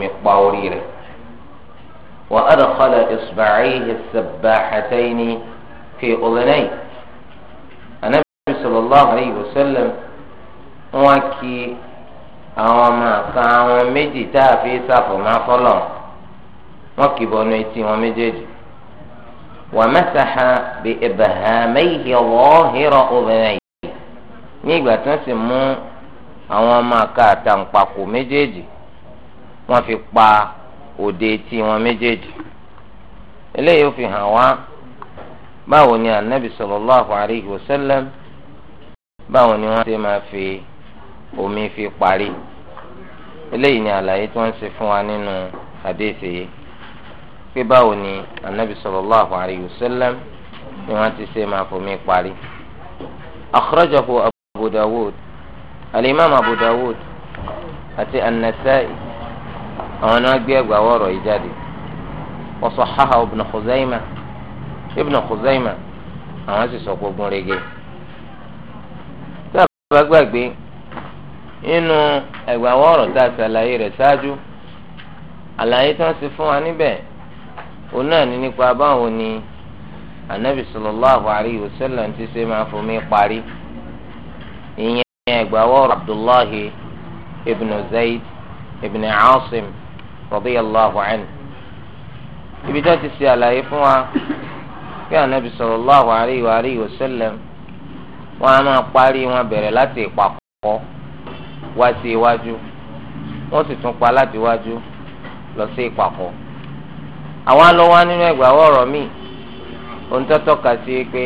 fomi pa orí rẹ̀ wa adkhala isba'ayhi as-sabbahatayn fi udhunayhi anabi sallallahu alayhi wa sallam wọn kí àwọn ọmọ kan àwọn méjì tá a fi sàfọmọ fọlọ wọn kì bọnu etí wọn méjèèjì wa masaha bi ibhamayhi zahira udhunayhi ní ìgbà tí wọn sì mú àwọn ọmọ àka àtàǹpàkò méjèèjì wọ́n fi pa òde etí wọn méjèèjì eléyìí ó fi hàn wá báwo ni anabi sallallahu alayhi wa sallam báwo ni wọ́n ṣe máa fi omi fi parí eléyìí ni àlàyé tí wọ́n ṣe fún wa nínú hadisi yìí pé báwo ni anabi sallallahu alayhi wa sallam ni wọ́n ti ṣe máa fomi parí. akhrajahu abu alimami abu àti anasai àwọn náà gbé ẹgbà wọrọ yìí jáde wọsọ haha ibn Khuzaima ibn Khuzaima àwọn sì sọ gbogbo rege sábà gbàgbé nínú ẹgbà wọrọ tá a ṣàlàyé rẹ̀ ṣáájú àlàyé tí wọ́n ti fún wa níbẹ̀ òun náà ní nípa báwo ni anabi sallallahu alayhi wa sallam ti ṣe máa fomi parí ìyẹn ẹgbà wọrọ Abdullahi ibn Zayd ibn Asim radiyallahu anhu ibi tó ti ṣe àlàyé fún wa pé ànábì sallallahu alayhi wa alihi wa sallam wọn a máa parí wọn bẹ̀rẹ̀ láti ìpàkọ́ wá sí iwájú wọn sì tún pa láti iwájú lọ sí ìpàkọ́ àwọn alọ́wọ́ nínú ẹgbàáwọ̀ ọ̀rọ̀ míì ohun tó tọ́ka sí pé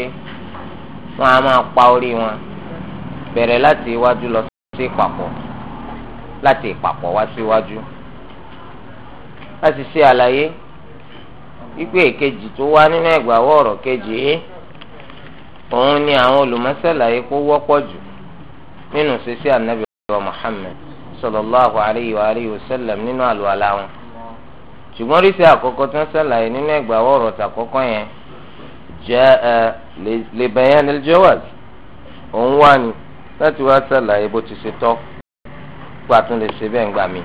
wọn a máa pa orí wọn bẹ̀rẹ̀ láti iwájú lọ sí ìpàkọ́ láti ìpàkọ́ wá sí iwájú. Si a sì ṣe àlàyé wípé èkejì tó wá nínú ẹgbàáwọ ọ̀rọ̀ kejì yìí òun ni àwọn olùmọ̀sálàyé kó wọ́pọ̀ jù nínú ṣíṣe ànábì wa Muhammad sallallahu alayhi wa alayhi wa sallam nínú àlùwàlá wọn ṣùgbọ́n rí sí àkọ́kọ́ tó ń sàlàyé nínú ẹgbàáwọ ọ̀rọ̀ tàkọ́kọ́ yẹn jẹ́ ẹ lè bayan al-jawaz òun wà ní láti wá sàlàyé bó ti ṣe tọ́ pàtó lè ṣe bẹ́ẹ̀ ń gbà mí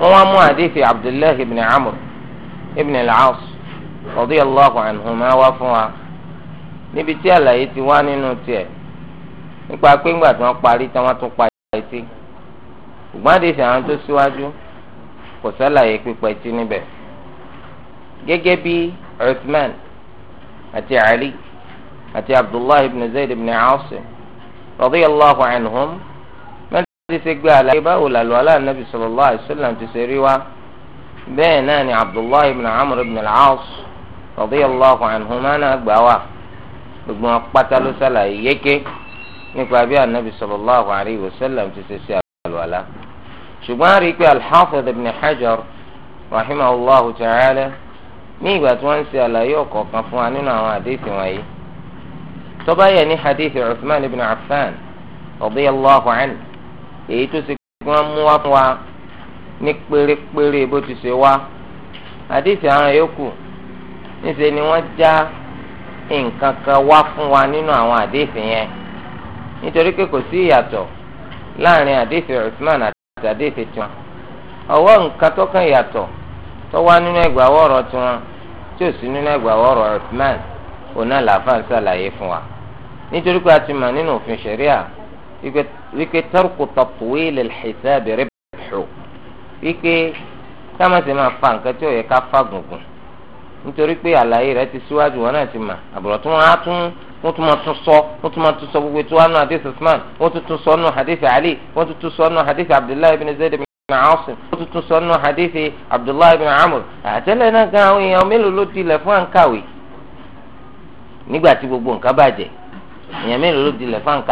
wọ́n wá mú àdéhìí abdullahi ibn amr ibn al-aas radiyallahu anhuma wá fún wa níbi tí àlàyé ti wá nínú tiẹ̀ nípa pé ńgbà tí wọ́n parí tí wọ́n tún pa etí ṣùgbọ́n àdéhìí àwọn tó síwájú kò sálàyé pípa etí níbẹ̀ gẹ́gẹ́ bí uthman àti ali àti abdullahi ibn zayd ibn aas radiyallahu anhum ti ṣe gbé àlàyé báwo làlọ́ aláàánábì sallallahu alaihi wasallam ti ṣe rí wa bẹ́ẹ̀ náà ni abdullahi ibn amr ibn al-aas radiyallahu anhuma náà gbà wá gbogbo wọn pátá ló ṣàlàyé yéké nípa bí anabi sallallahu alaihi wasallam ti ṣe ṣe àlọ́ àlá ṣùgbọ́n a rí i pé al-hafiz ibn hajar rahimahullahu ta'ala ní ìgbà tí wọ́n ń ṣe àlàyé ọ̀kọ̀ọ̀kan fún wa nínú àwọn àdéhìí wọ̀nyí tó yẹ ní hadith uthman ibn affan radiyallahu anhu èyí tó ṣe kí wọ́n mú wá fún wa ní pérépéré bó ti ṣe wá àdìsí àwọn yòókù níṣẹ́ ni wọ́n já nǹkan kan wá fún wa nínú àwọn àdìsí yẹn nítorí pé kò sí ìyàtọ̀ láàrin àdìsí Usman àti àdìsí tiwọn ọwọ́ nǹkan tó kàn yàtọ̀ tó wá nínú ẹgbàáwọ̀ ọ̀rọ̀ tiwọn tí ò sí nínú ẹgbàáwọ̀ ọ̀rọ̀ Usman òun náà làáfàá ń ṣàlàyé fún wa nítorí pé a ti mọ̀ nínú òfin ṣẹ̀ríà Wike tẹ́rùkù tọ̀tùwé lè xìsáàbì rẹ̀ kama wípé kámasì máa fa nǹkan tí ò yẹ ká fa gùngùn nítorí pé àlàyé rẹ ti síwájú wọn náà ti mà àbúrò tí wọn á tún wọn tún máa tún sọ wọn tún máa tún sọ gbogbo nù hadith usman wọn ali wọn tún tún sọ abdullahi ibn zayd ibn asim wọn tún tún sọ nù abdullahi ibn Amur. àtẹlẹ náà gan àwọn èèyàn mélòó ló fún àǹkàwé nígbà tí gbogbo nǹkan èèyàn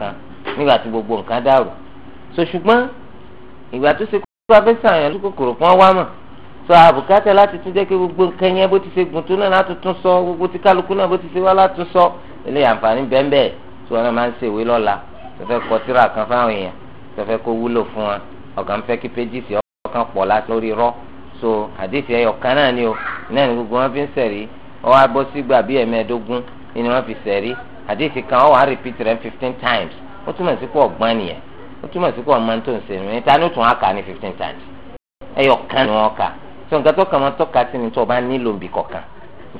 kan nígbà tí gbogbo nǹkan dàrú so ṣùgbọ́n ìgbà tó ṣe kókó abẹ́sẹ̀ àyàn tó kòkòrò kan wá mà so àbùkátà láti tún jẹ́ kí gbogbo nǹkan yẹn bó ti ṣe gùn tó náà láti tún sọ gbogbo tí kálukú náà bó ti ṣe wá láti sọ ilé àǹfààní bẹ́ẹ̀nbẹ́ẹ̀ tí wọn máa ń ṣe ìwé lọ́la tó fẹ́ kọ tírà kan fáwọn èèyàn tó fẹ́ kó wúlò fún wa ọ̀gá ń fẹ́ kí péjìsì ọkàn pọ̀ lórí rọ́ so àdéhìí ẹyọ kan náà ni o náà ni gbogbo wọn fi ń sẹ̀rí ọwọ́ abọ́sígbà bíi ẹ̀mẹ́ẹ̀dógún ni wọ́n fi sẹ̀rí àdéhìí kan ọwọ́ á repeat rẹ̀ fifteen times ó túmọ̀ sí pọ̀ gbọ́n nìyẹn ó túmọ̀ sí pọ̀ máa tó ń ṣe ìrìn ta ni ó tún á kà ní fifteen times ẹyọ kan ni wọ́n kà tó nǹkan tó kàn wọ́n tọ́ka sí ni tó bá nílò bì kọ̀kan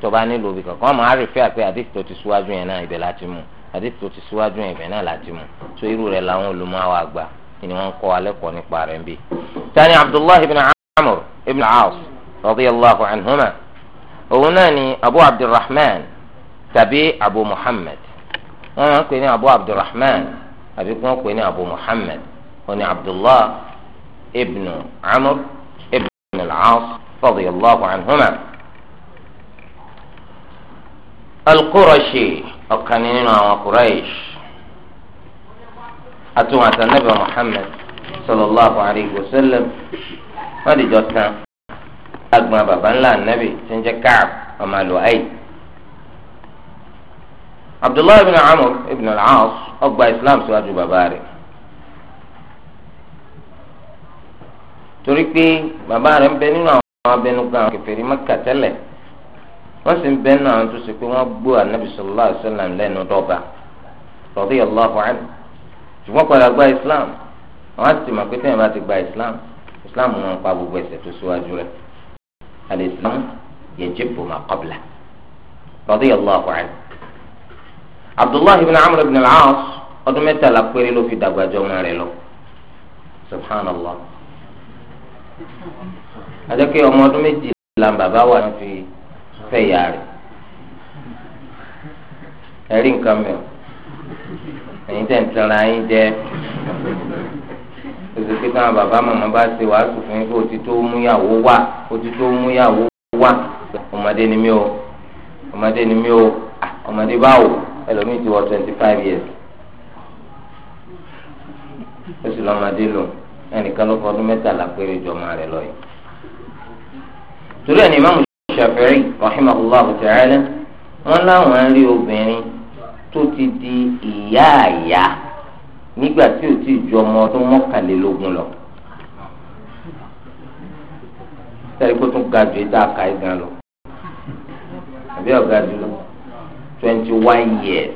tó bá nílò bì kọ̀kan wọ́n tó ti síwájú yẹn náà ibẹ̀ láti mú tó ti síwájú yẹn ibẹ̀ náà láti mú so irú làwọn olùmọ̀ tani abdullahi ibn amr ibn àbí kí wọ́n pè ní abu muhammed oní abdullah ibn amr ibn al-aas radiyallahu anhuma al-qurashi ọ̀kan nínú àwọn quraish àtúwọ̀n àtànàbì muhammed sallallahu alayhi wa sallam wọ́n dìjọ́ tán agbọn baba ńlá nàbì tí ń jẹ́ káàb ọmọ àlùhàyè. abdullahi ibn amr ibn al-aas ọgbà islam síwájú bàbá rẹ̀ torí pé bàbá rẹ̀ ń bẹ nínú àwọn abẹnugan àwọn kèfèrí Mẹ́kà tẹ́lẹ̀ wọ́n sì ń bẹ nínú àwọn tó ṣe pé wọ́n gbó anabi sallallahu alaihi wasallam lẹ́nu dọ́gba radiyallahu anhu ṣùgbọ́n padà gba islam àwọn á sì mọ̀ pé tẹ́yìn bá ti gba islam islam wọn pa gbogbo ẹ̀ṣẹ̀ tó ṣíwájú rẹ̀ al-islam yajibu ma qabla radiyallahu anhu abdullahi bin amr bin al-aas ọdún mẹ́tàlá péré ló fi dàgbà jọ ọmọ rẹ̀ lọ subhanallah adékè ọmọ ọdún méjìlá bàbá wa fi fẹ́ ìyá rẹ̀ ẹ̀rí nǹkan mi o ẹ̀yin tẹ̀ ń tẹ̀ra yín jẹ́ oṣù tí káwọn bàbá màmá bá ṣe wàásù fún yín pé òtítọ́ múyàwó wà òtítọ́ múyàwó wà ọmọdé ni mí o ọmọdé ni mí o ọmọdé báwo ẹlòmíì ti wọ twenty five years ó sì lọ́mọdé lò ẹnìkan ló fọdún mẹ́tàlá péré jọmọ rẹ̀ lọ yìí. torí ẹni Imam Shafi'i rahimahullah ta'ala wọn láwọn rí obìnrin tó ti di ìyá àyà nígbà tí ò tí ì ju ọmọ ọdún mọ́kànlélógún lọ. sẹ́yìn kó tún ga ju ìta àka ìgbà lọ àbí ọ̀gá jùlọ twenty one years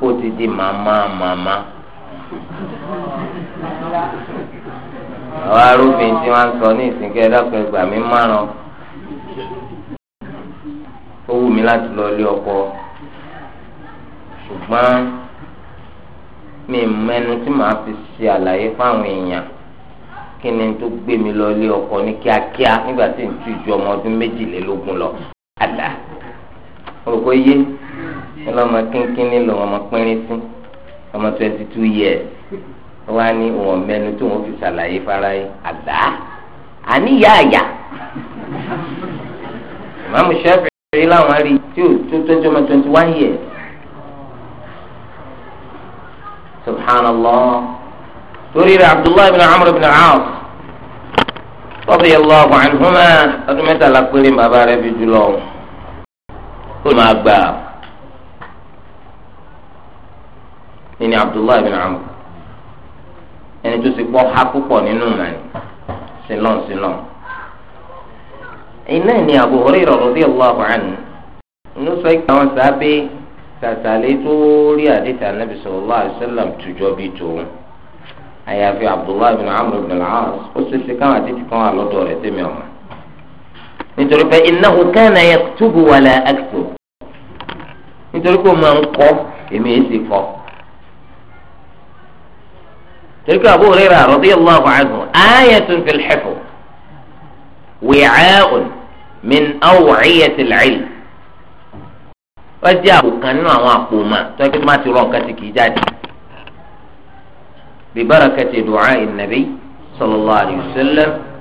kó ti di màmá màmá àwọn arúgbìn tí wọ́n sọ ní ìsìnkẹ ẹdọkùn ẹgbàá mi márùn ó wù mí láti lọ ilé ọkọ ṣùgbọ́n mi mẹ́nu tí màá fi ṣe àlàyé fáwọn èèyàn kí ni tó gbé mi lọ ilé ọkọ ní kíákíá nígbà tí n tu ìjọ ọmọ ọdún méjìlélógún lọ olùkọ́ yé ẹ kínkínní lọ ọmọ pínrín sí ọmọ twenty two years wọ́n á ní òun mẹ́nu tó wọ́n fi ṣàlàyé fara yìí àdá àníyá àyà màmú Shafi'i láwọn rí tí ò tó tọ́jú ọmọ twenty one years subhanallah torí rẹ̀ abdullahi bin amr bin aaf radiyallahu anhuma ọdún mẹ́tàlá péré bàbá rẹ̀ bí jùlọ ọ̀hún ó máa gbà nínú abdullahi bin amr ẹni tó ti pọ́ ha púpọ̀ nínú ìmọ̀ni sílọ̀n sílọ̀n iná ni Abu Hurairah radiyallahu anhu ló sọ pé àwọn sábẹ́ tàtàlẹ́ tó rí àdìtà nàbì sallallahu alaihi wasallam tùjọ́ bí tòun àyàfi abdullahi bin amr bin al-as ó ṣe ṣe káwọn àdìtì kan wà lọ́dọ̀ rẹ̀ tẹ̀mí ọ̀mọ́ nítorí pé innahu kana yaktubu wala aktubu nítorí pé o máa ń kọ́ èmi èsì kọ́ torí pé Abu Hurairah radiyallahu anhu ayatun fil hifz wi'a'un min aw'iyatil ilm wọ́n jẹ́ àpò kan nínú àwọn àpò mà tó ẹgbẹ́ má ti rọ nǹkan tí jáde bi barakati du'a an-nabi sallallahu alayhi wa sallam.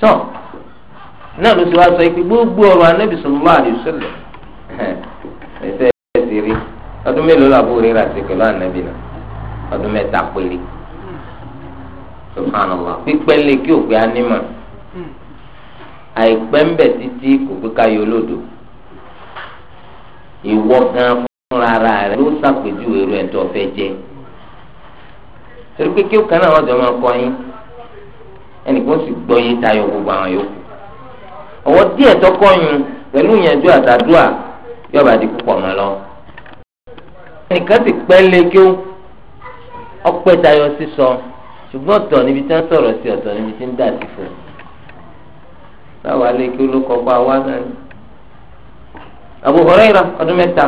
tán náà ló sì wá sọ pé gbogbo ọ̀rọ̀ anábì sallallahu alaihi wasallam ẹsẹ ẹsẹ rí ọdún mélòó làbó sí náà ọdún péré pípẹ́ lè kí òpè anímọ̀ àìpẹ́ ń bẹ̀ títí kò pé ara rẹ ló rẹ tó fẹ́ torí pé kí ó kan náà wọ́n ẹnìkan sì gbọ́ yé tayọ gbogbo àwọn yòókù ọwọ́ díẹ̀ tọkọyún pẹ̀lú ìyànjú àtàdúà yọba di púpọ̀ mọ́ lọ. ẹnìkan ti pẹ́ lé kí ó ọpẹ́ tayọ sísọ ṣùgbọ́n ọ̀tọ̀ níbi tí wọ́n sọ̀rọ̀ sí ọ̀tọ̀ níbi tí ń dà sí fún un. báwa lé ló kọ́ pa wá náà ni. Abu Hurairah ọdún mẹ́ta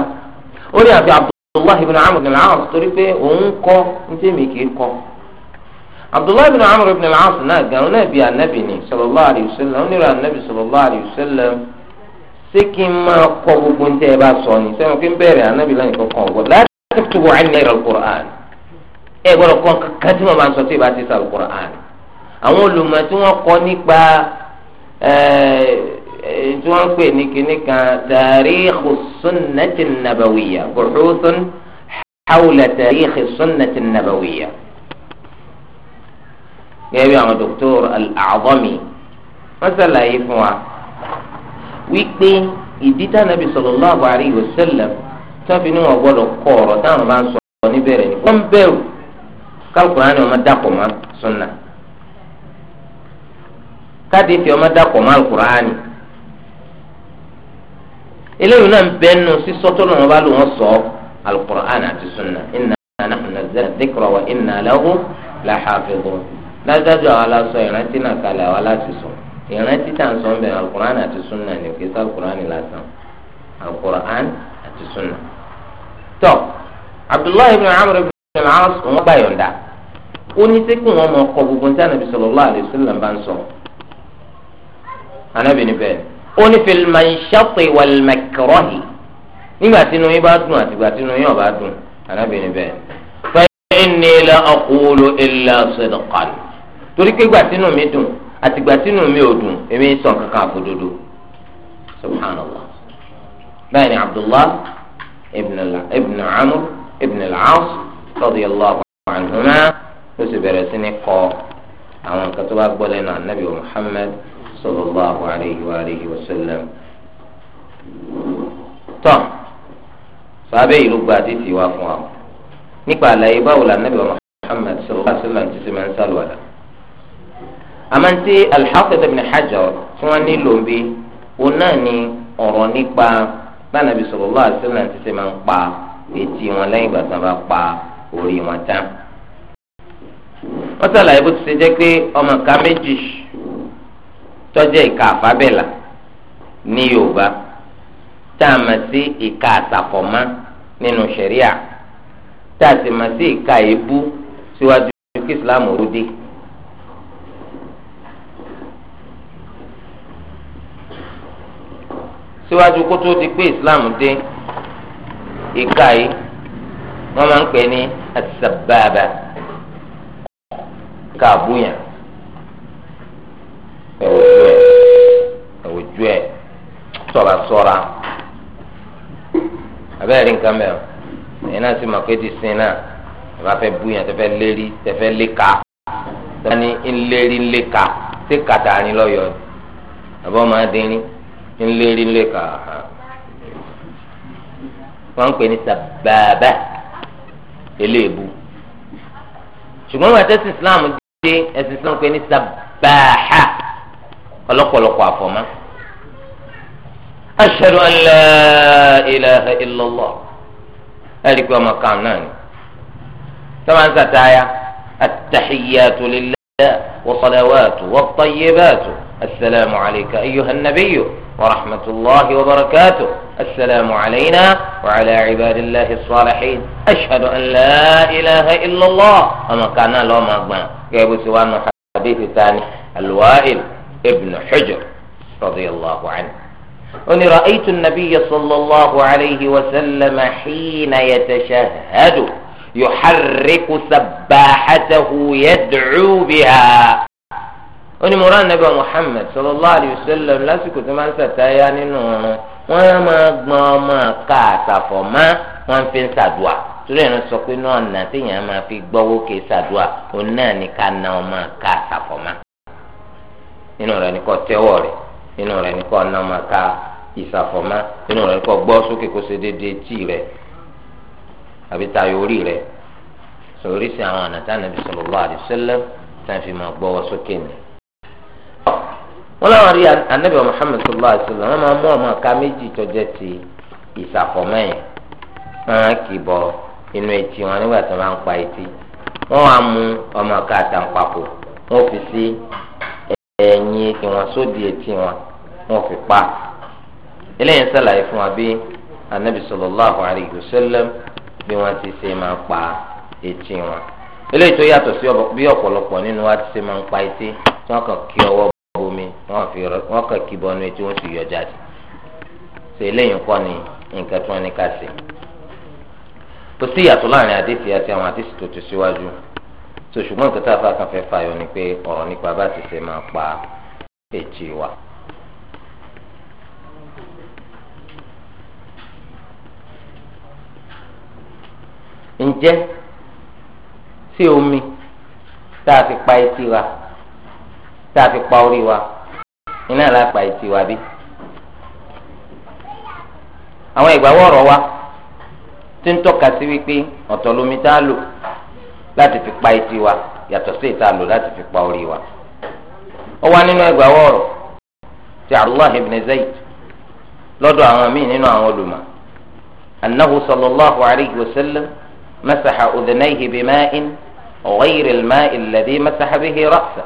ó rí àbí Abdullahi ibn Amr ibn al-As torí pé òun kọ́ ní abdullahi bin amr ibn al-as náà gan ọ̀nà ìbí anabi ni sallallahu alayhi wa sallam onírò anabi sallallahu alayhi wa sallam ṣé kí n máa kọ gbogbo ní tẹ́ ẹ bá sọ ni sẹ́wọ̀n kí n bẹ̀rẹ̀ anabi lẹ́yìn kankan ọ̀gbọ́n láti tubu ẹni ẹ̀rọ al-Qur'an ẹ gbọ́dọ̀ kọ́ kankan tí wọ́n máa ń sọ tí ìbá ti sàlù al-Qur'an àwọn olùmọ̀ tí wọ́n kọ́ nípa tí wọ́n ń pè ní kinní kan tarikh sunnati nabawiyya buhuthun hawla tarikh sunnati nabawiyya gẹ́gẹ́ bí àwọn dókítọ́rù al-A'zami wọ́n ṣàlàyé fún wa wípé ìdí tánàbí sallallahu alayhi wa sallam tọ́bi ní wọn gbọ́dọ̀ kọ́ ọ̀rọ̀ táwọn bá ń sọ níbẹ̀rẹ̀ ni wọ́n bẹ̀rù kálukùránì ọmọ dàpọ̀ mọ́ sunna káàdì fi ọmọ dàpọ̀ mọ́ alukùránì eléyìí náà ń bẹ́ẹ̀ nù sísọ tó lọ́wọ́ bá lò wọ́n sọ alukùránì àti sunna inna nahnu nazzalna dhikra wa inna ládájọ àwa la sọ ìrántí náà kalẹ̀ àwa láti sọ ìrántí tá à ń sọ ń bẹ alukur'an àti sunna ní òkè sàlùkur'an lásán alukur'an àti sunna. tọ́ abdullahi ibn amr ibn al-as wọn bá yọ̀ǹda ó ní sẹ́kù wọn mọ̀ ọkọ̀ gbogbo tí anabi sallallahu alaihi wasallam bá ń sọ anabi ni bẹ́ẹ̀ ó ní fil manshati wal makrahi nígbà tí inú yín bá dùn àtìgbà tí inú yín ò bá dùn anabi ni bẹ́ẹ̀ fa inni torí pé gbàtínú mi dùn àti gbàtínú mi ò dùn èmi ń sàn kankan àfòdodo subhanallah bẹ́ẹ̀ ni abdullah ibn amr ibn al-aas radiyallahu anhuma ló sì bẹ̀rẹ̀ sí ní kọ àwọn nǹkan tó bá gbọ́ lẹ́nu anabi muhammad sallallahu alayhi wa alihi wa sallam tán sábẹ́ ìlú gba àdìsí wa fún wa nípa àlàyé báwo la anabi muhammad sallallahu alayhi wa sallam ti ṣe máa ń sálùwàlà amanti alḥafiz ibn hajar tí wọn nílò bí wọn náà ní ọ̀rọ̀ nípa bánàbí sallallahu alaihi wasallam ti ṣe máa ń pa etí wọn lẹ́yìn ìgbà tí wọn bá pa orí wọn tán. wọ́n sàlàyé bó ti ṣe jẹ́ pé ọmọ ká méjì tọ́jẹ́ ìka àfábẹ́là ní yorùbá tá a mọ̀ sí ìka àtàfọ̀mọ́ nínú ṣẹ̀ríà tá a sì mọ̀ sí ìka èébú síwájú kí islam ó síwájú kó tó di pé islam dé ìka yìí wọ́n máa ń pè ní asababa ìka àbúyàn ẹwùjú ẹ ẹwùjú ẹ ṣọ́ra ṣọ́ra abẹ́rẹ́ nǹkan mẹ́rin ẹ̀yin náà sì máa pé ti sin náà ẹ bá fẹ́ búyàn tẹ fẹ́ lérí tẹ fẹ́ léka tẹ bá ní ńlérí ńléka tẹ kàtà ní lọ́yọ̀ọ́ àbọ̀ máa dín ní ńlérí ńlé kà á wọn ń pè ní sàbàbà eléèbú ṣùgbọ́n wọn àtẹ́sí islam dé ẹ̀sìn islam pè ní sàbàhà ọlọ́pọ̀lọpọ̀ àfọ̀mọ́ ashhadu an la ilaha illallah ẹ̀rí pé ọmọ kan náà ni sọ́wọ́n ń وصلواته والطيبات السلام عليك أيها النبي ورحمة الله وبركاته السلام علينا وعلى عباد الله الصالحين أشهد أن لا إله إلا الله أما كان لو ما أبنى جايب سوان حديث ثاني الوائل ابن حجر رضي الله عنه أني رأيت النبي صلى الله عليه وسلم حين يتشهد yuharriku sabbahatahu yad'u biha. onímọ̀rọ̀ anabi muhammed sallallahu alayhi wa sallam lásìkò tó máa ń sàtáyà nínú ọ̀run wọ́n á máa gbọ́n ọmọ ká àtàfọ̀ mọ́ wọ́n fi ń sàdùà torí ẹ̀rọ sọ pé náà nà máa fi ké sàdùà òun náà ní ká na ọmọ ká àtàfọ̀ mọ́ nínú na ọmọ ká ìsàfọ̀ mọ́ nínú sókè kó ṣe àbí tayọ orí rẹ̀ sọ̀rí si àwọn ànátá nàbí sallallahu alaihi wasallam tá a fi máa gbọ́ Wọn sókè ni. wọn rí anabi muhammed sallallahu alaihi wasallam wọ́n máa mú ọmọ meji méjì ti ìsàfọ̀mẹ́yìn wọ́n kì í bọ inú etí wọn nígbà tí wọ́n bá ń pa etí mú ọmọ fi sí etí wọn anabi bí wọ́n ti ṣe máa pa etí wọn eléyìí tó yàtọ̀ sí bí ọ̀pọ̀lọpọ̀ nínú wa ti ṣe máa pa etí tí wọ́n kàn kí ọwọ́ bomi wọ́n kàn kí bọnu etí wọ́n sì yọ jáde ṣe eléyìí kọ́ ni nǹkan tí wọ́n ní ká ṣe kò sí ìyàtọ̀ láàrin àdéhìí àti àwọn àdéhìí tó ti síwájú so ṣùgbọ́n nǹkan tá a fà kàn fẹ́ fàyọ ni pé ọ̀rọ̀ nípa bá ti ṣe máa pa etí wa. ǹjẹ́ sí omi tá a fi pa etí wa tá a fi pa orí wa iná la pa etí wa bí. àwọn ìgbàwọ̀ ọ̀rọ̀ wa ti ń tọ́ka sí wípé ọ̀tọ̀ lomi tá a lò láti fi pa etí wa yàtọ̀ sí ìta lò láti fi pa orí wa. ó wá nínú ìgbàwọ̀ ọ̀rọ̀ ti Abdullah ibn Zayd lọ́dọ̀ àwọn míì nínú àwọn olùmọ̀ annahu sallallahu alayhi wa sallam. مسح أذنيه بماء غير الماء الذي مسح به رأسه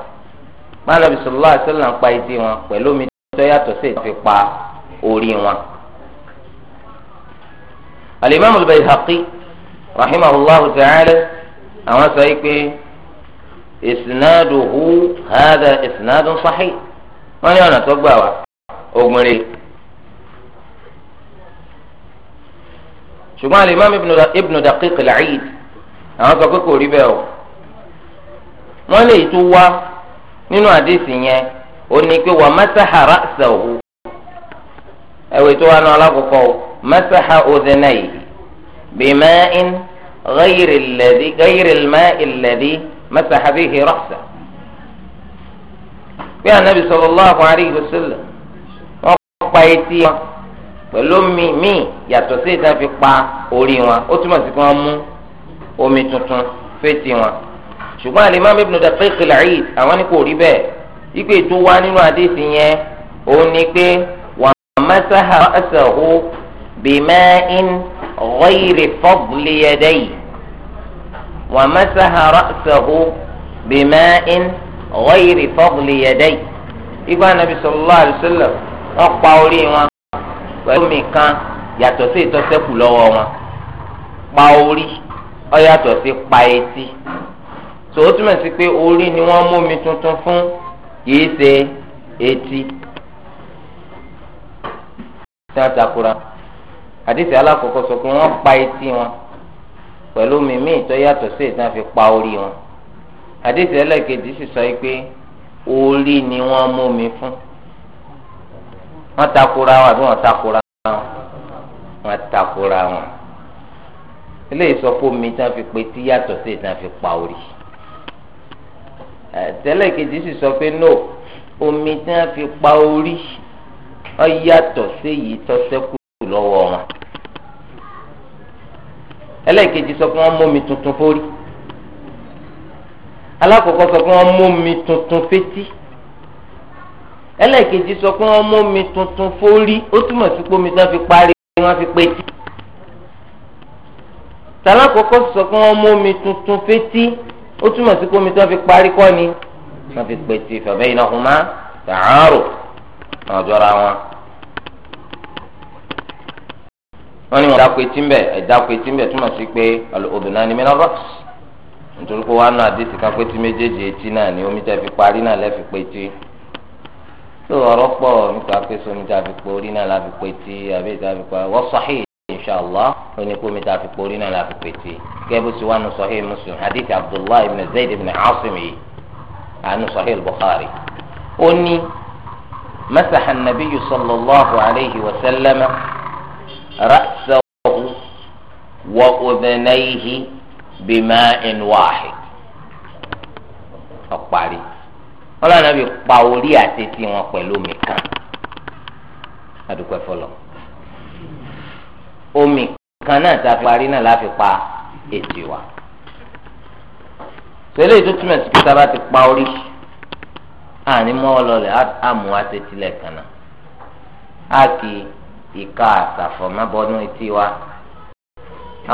ما النبي صلى الله عليه وسلم قايتي وان wọn pẹ̀lú omi tó yàtọ̀ الإمام البيهقي رحمه الله تعالى أما سيكي إسناده هذا إسناد صحيح ما ní ọ̀nà tó ṣùgbọ́n alẹ́ alimam ibnu daqiq al-Eid àwọn sọ pé kò rí bẹ́ẹ̀ o wọ́n lè tún wá nínú àdéhìsì yẹn ó ní pé wà masaha ra'sahu ẹ̀wẹ̀ tó wà ní alákọ̀ọ́kọ́ o masaha udhnayhi bima'in ghayri alladhi ghayri al-ma'i alladhi masaha bihi ra'sahu pé anabi sallallahu alayhi wa sallam wọ́n pa etí wọn. pẹ̀lú omi míì yàtọ̀ sí ìta fi pa orí wọn ó túmọ̀ sí kí wọ́n mú omi tuntun fètì wọn ṣùgbọ́n alimami ibn Daqiq al-Eid àwọn ni kò rí bẹ́ẹ̀ ipe ètò wa nínú àdéhìí yẹn òun ni pé wa masaha ra'sahu bima'in ghayri fadli yadayhi wa masaha ra'sahu bima'in ghayri fadli yadayhi. igba anabi sallallahu alaihi wasallam wọ́n pa orí wọn pẹ̀lú mi kan yàtọ̀ sí ìtọ́sẹ́kù lọ́wọ́ wọn pa orí ọ yàtọ̀ sí pa etí tó o túmọ̀ sí pé orí ni wọ́n mú mi tuntun fún kìí ṣe etí. tí wọ́n takura àdìsí alákọ̀ọ́kọ́ sọ pé wọ́n pa etí wọn pẹ̀lú mímí ìtọ́ yàtọ̀ sí ìtàn fi pa orí wọn àdìsí ẹlẹ́kejì sì sọ pé orí ni wọ́n mú mi fún wọ́n takora wọn àbí wọ́n takora wọn wọ́n takora wọn eléyìí sọ fún mi tí wọ́n fi pe tí yàtọ̀ sí tí wọ́n fi pa orí tẹ́lẹ̀ kejì sì sọ pé no omi tí wọ́n fi pa orí ọ yàtọ̀ sí èyí tó ṣẹ́kù lọ́wọ́ wọn ẹlẹ́ẹ̀kejì sọ pé wọ́n mú mi tuntun fórí alákọ̀ọ́kọ́ sọ pé wọ́n mú mi tuntun fétí ẹlẹ́ẹ̀kejì sọ pé wọ́n mú mi tuntun fórí ó túmọ̀ sí pé omi tí wọ́n fi parí wọ́n fi pétí. tàlákọ́kọ́ sọ pé wọ́n mú mi tuntun fétí ó túmọ̀ sí pé omi tí wọ́n fi parí kọ́ ni wọ́n fi pétí fẹ̀mẹ́ iná hùmá tààrò náà jọra wọn. wọ́n ní wọ́n dáko etí ń bẹ̀ ẹ̀dáko etí ń bẹ̀ túmọ̀ sí pé ọ̀dùnà ni mìíràn rọ́ọ̀sì nítorí pé wọ́n á ná àdéhùn kan pé tí méjèèjì etí náà ni omi tẹ́ fi parí náà lẹ́ fi pétí tó ọ̀rọ̀ pọ̀ nípa pé sómi tá a fi pò orí náà la fi pè tí àbí tá a fi pò wọ́n sahih inshallah oníkómi tá a fi pò orí náà la fi pè tí kẹ́bù sí wàánu sahih muslim hadith abdullahi ibn zayd ibn asim yìí àánú sahih bukhari ó ní masaxa nabiyyu sallallahu alayhi wa sallam ra'sahu wa udhnayhi bima'in wahid ọ̀parí ọlọ́run àbí pa orí àti etí wọn pẹ̀lú omi kan adúpẹ́ fọlọ́ omi kan náà tá a fi parí náà láfi pa ètì wa tẹ́lẹ̀ tó túmọ̀ sí kíkà bá ti pa orí àní mọ́ ọ lọlẹ̀ àmú àtẹ̀tílẹ̀ kan náà á kì ìka àtàfọ̀mọ́bọ́nú etí wa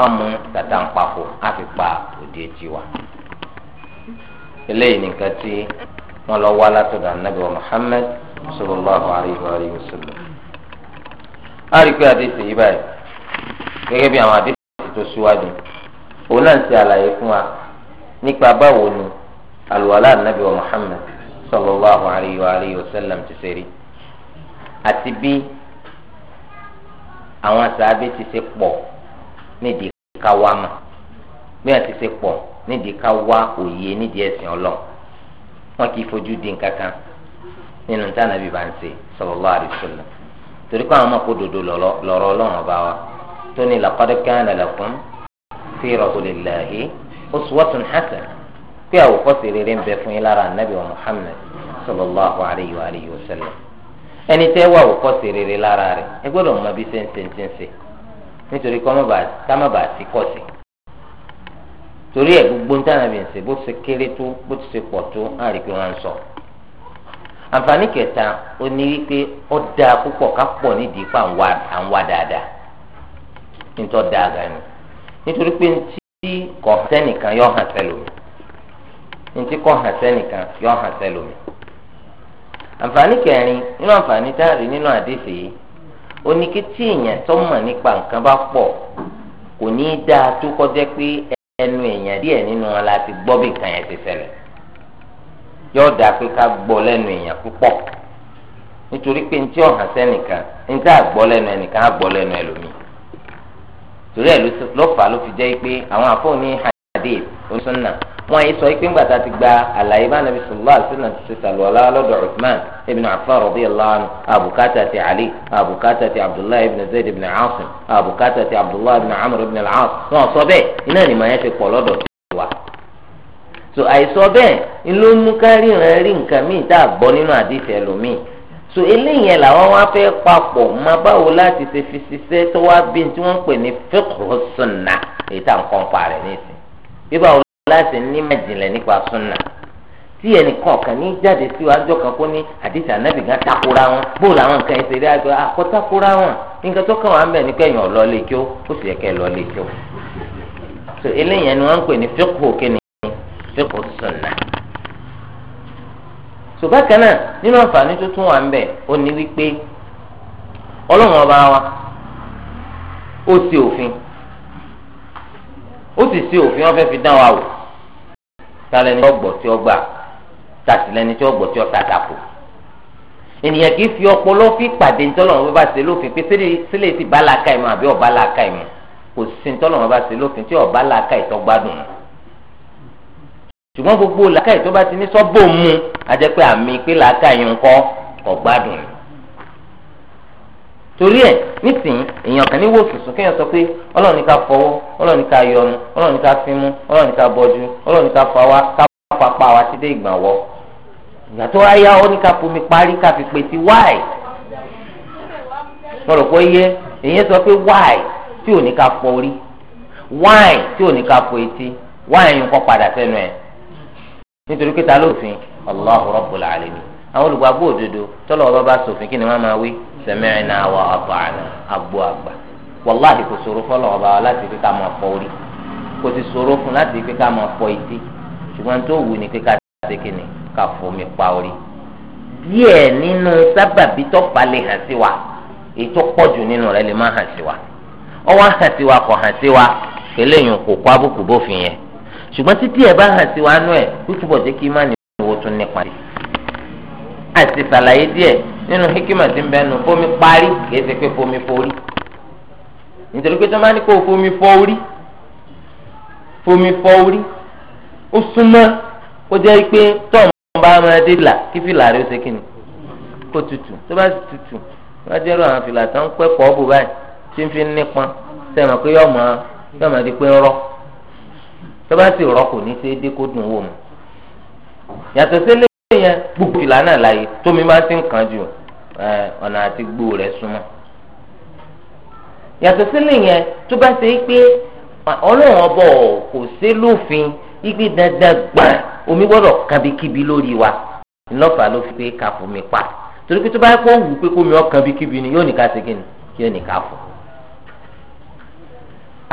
àmú tàtà ń papò fi pa òdi etí wa eléyìí nìkan tí wọn lọ wá látọ̀dọ̀ anabi wa muhammed sallallahu alayhi wa sallam. a rí i pé àdéhùn yìí báyìí gẹ́gẹ́ bí àwọn àdéhùn tó síwájú òun náà ń ṣe àlàyé fún wa nípa báwo ni àlùwàlá anabi wa muhammed sallallahu alayhi wa sallam ti ṣe rí àti bí àwọn sàábé ti ṣe pọ̀ nídìí ká wá mọ̀ bí wọ́n ti ṣe pọ̀ nídìí ká wá òye nídìí ẹ̀sìn ọlọ́run wọn kì í fojú di nǹkan kan nínú tí anabi bá ń ṣe sallallahu alaihi wasallam torí kó àwọn ọmọ kó dodo lọ́rọ̀ Ọlọ́run ọba wa tó ní laqad kana lakum fi rasulillahi uswatun hasana pé àwòkọ́ṣe rere ń bẹ fún yín lára anabi wa muhammed sallallahu alayhi wa alihi wa sallam ẹni tẹ́ wà àwòkọ́ṣe rere lára rẹ̀ ẹ gbọ́dọ̀ mọ bí sẹ́ńsẹ́ńsẹ́ nítorí kọ́mọ́bà támọ́bà ti kọ́sẹ̀ torí ẹ gbogbo ní tànàbí ẹsẹ bó ti kéré tó bó ti pọ̀ tó á rí pé wọn ń sọ àǹfààní kẹta ó ní wípé ó dáa púpọ̀ ká pọ̀ nídìí pa dáadáa nítorí dáa gan ni nítorí pé ntí kò hàn sẹ́nìkan yọ hàn sẹ́lòmí ntí kò yọ hàn àǹfààní kẹrin nínú àǹfààní nínú yìí ẹnu èèyàn díẹ̀ nínú wọn la ti gbọ́ bí nǹkan yẹn ti ṣẹlẹ̀ yóò dà pé ká gbọ́ lẹ́nu èèyàn púpọ̀ nítorí pé ntí ọ̀hàn sẹ́nìkan ntí àgbọ́ lẹ́nu ẹnìkan àgbọ́ lẹ́nu ẹlòmíì torí ẹ̀ ló fà á ló fi jẹ́ pé àwọn àfọ̀n ní hadith onísùnà wọn yìí sọ pé ńgbà tá a ti gba àlàyé bá nàbí sọlá àṣìnà ti sàlùwàlá lọ́dọ̀ Uthman ibn Affan radiyallahu anhu àbùkátà ti Ali àbùkátà ti Abdullahi ibn Zayd ibn Asim àbùkátà ti Abdullahi ibn Amr ibn al-As wọn sọ bẹ́ẹ̀ iná ni màá yẹn ti pọ̀ lọ́dọ̀ wa so àìsọ bẹ́ẹ̀ ló mú kárí rẹ̀ rí nǹkan míì tá a gbọ́ nínú àdìsẹ́ lómìn so eléyìí ẹ̀ làwọn wá fẹ́ papọ̀ máa báwo láti ṣe fi ṣiṣẹ́ tó wá bí tí wọ́n pè ní fiqh sunnah èyí tá à ń kọ́ ń pa rẹ̀ nísìn bí báwo láti ní mẹjìnlẹ̀ nípa súnà tí ẹnìkan kan ní jáde sí wájú kan kó ní àdìsí ànábì gan takora wọn bóòlù àwọn nǹkan ẹsẹ rí àgbẹ àkọ ah, takora wọn nǹkan tó kàn wá ń bẹ ní kẹyìn ọlọlẹ kí ó ó sì yẹ kẹ lọlẹ kí so eléyìí ni wọn ń pè ní fíkù kíni fíkù súnà so bákan náà nínú àǹfààní tó tún wà ń bẹ ó ní wípé ọlọ́run ọba wa ó ti òfin ó sì sí òfin wọn fẹ́ fi dán wa wò tálẹ́ni tí ọgbọ̀ tí ọgbà tàtìlẹ́ni tí ọgbọ̀ tí ọ̀tàtàkù ènìyàn kì í fi ọpọlọ fi pàdé ntọ́lọ́wọ́n bá ṣe lófin pé sílẹ̀ ti bá làákà ìmọ̀ àbí ọ̀bá làákà ìmọ̀ kò sí ntọ́lọ́wọ́n bá ṣe lófin tí ọ̀bá làákà ìtọ́gbádùn ṣùgbọ́n gbogbo làákà ìtọ́ bá ti ní sọ́bọ̀ mu a jẹ́ pé àmì pé làákà yìí ń kọ́ ọ̀gbádùn ni. torí ẹ nísìnyí èèyàn kan ní wò sùsùn kéèyàn sọ pé ọlọ́run ní ká fọwọ́ ọlọ́run ní ká yọnu ọlọ́run ní ká fimú ọlọ́run ní ká bọ́jú ọlọ́run ní ká fọwọ́ ká ti dé ìgbàwọ́ ìgbà tó wáyá ọ ní ká fomi parí ká fi pè wáì mo rò èèyàn sọ pé wáì tí ò ní ká fọ orí tí ò ní ká fọ etí wáì ń kọ́ padà sẹ́nu ẹ̀ nítorí pé ta àwọn olùgbàgbọ́ sẹmẹ́rìnà wà àbàánà àgbo àgbà wàláhì kò ṣòro fọlọ́ ọba láti fi ká máa fọ orí kò sì fún láti fi ká máa fọ etí ṣùgbọ́n tó wù ní pé ká ṣe kíni ká fomi pa orí díẹ̀ nínú sábàbí tó falẹ̀ hàn sí wa ètò pọ̀jù nínú rẹ̀ lè má hàn sí wa ọwọ́ hàn sí wa kò hàn sí wa kò àbùkù bófin ṣùgbọ́n títí àti sàlàyé díẹ̀ nínú hikima ti ń bẹ fomi parí kìí ṣe pé fomi forí nítorí pé sọmá ní kó fomi fọrí fomi fọrí ó súnmọ́ kó jẹ́ pé tọ́ọ̀mù bá máa dé là kí fìlà rẹ̀ ó ṣe kíni kó tutù tó bá tutù wọ́n jẹ́ rọ àwọn fìlà tó ń pẹ́ pọ̀ bù báyìí tí ń fi nípọn sẹ́wọ̀n pé yọ̀ọ́ máa yọ̀ọ́ máa di pé rọ́ tó bá sì yẹn gbogbo ìlànà láàyè tómi máa ti ń kàn jù ọ̀nà àti gbó rẹ̀ súnmọ́. yàtọ̀ sílẹ̀ yẹn tó bá ṣe pé ọlọ́run ọbọ̀ kò sí lófin igbe dandan gbọ́n omi gbọ́dọ̀ kábíkíbi lórí wa ńlọ́fà ló fi pé ká fún mi pa torí pé tó bá wù pé ni yóò ní ká segin a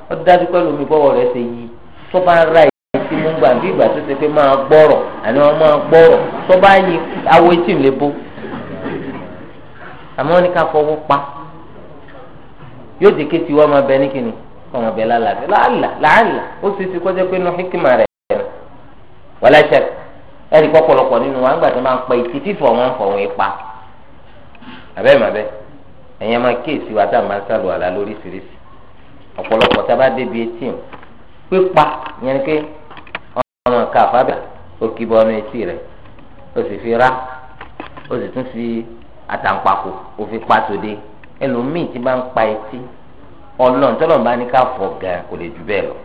ó dájú pé lómi bọ́wọ́ rẹ̀ ṣe yí tó bá ń ra ìdí mú gbà bí ìgbà tó ṣe pé máa gbọ́rọ̀ àní wọ́n máa gbọ́rọ̀ tó bá yí awo etí lè bó àmọ́ ní ká fọwọ́ pa yóò dé kéti wọ́n máa bẹ ní kíni kọ́ máa bẹ lálàáfíà làálà làálà ó sì ti kọjá pé nù híkìmà rẹ̀ wọlé ṣẹ ẹ̀rí pọ̀pọ̀lọpọ̀ nínú wa ńgbà tó máa ń pẹ́ ìtì fífọ̀ wọn fọ̀ wọn pa àbẹ́ẹ̀ màbẹ́ ẹ̀yẹ́ máa kéèsì wa tá a máa ń sálò àlá lóríṣiríṣi ọ̀pọ̀lọpọ̀ tá a bá débi etí o pípa yẹn ni pé ọmọ nǹkan àfábíà ó kì í bọ ọmọ etí rẹ̀ ó sì fi rá ó sì tún fi àtàǹpàkò ó fi pa tòde ẹlòmíì tí bá ń pa etí ọlọ́run tọ́lọ́run bá ní ká fọ̀ gan kò lè jù bẹ́ẹ̀ lọ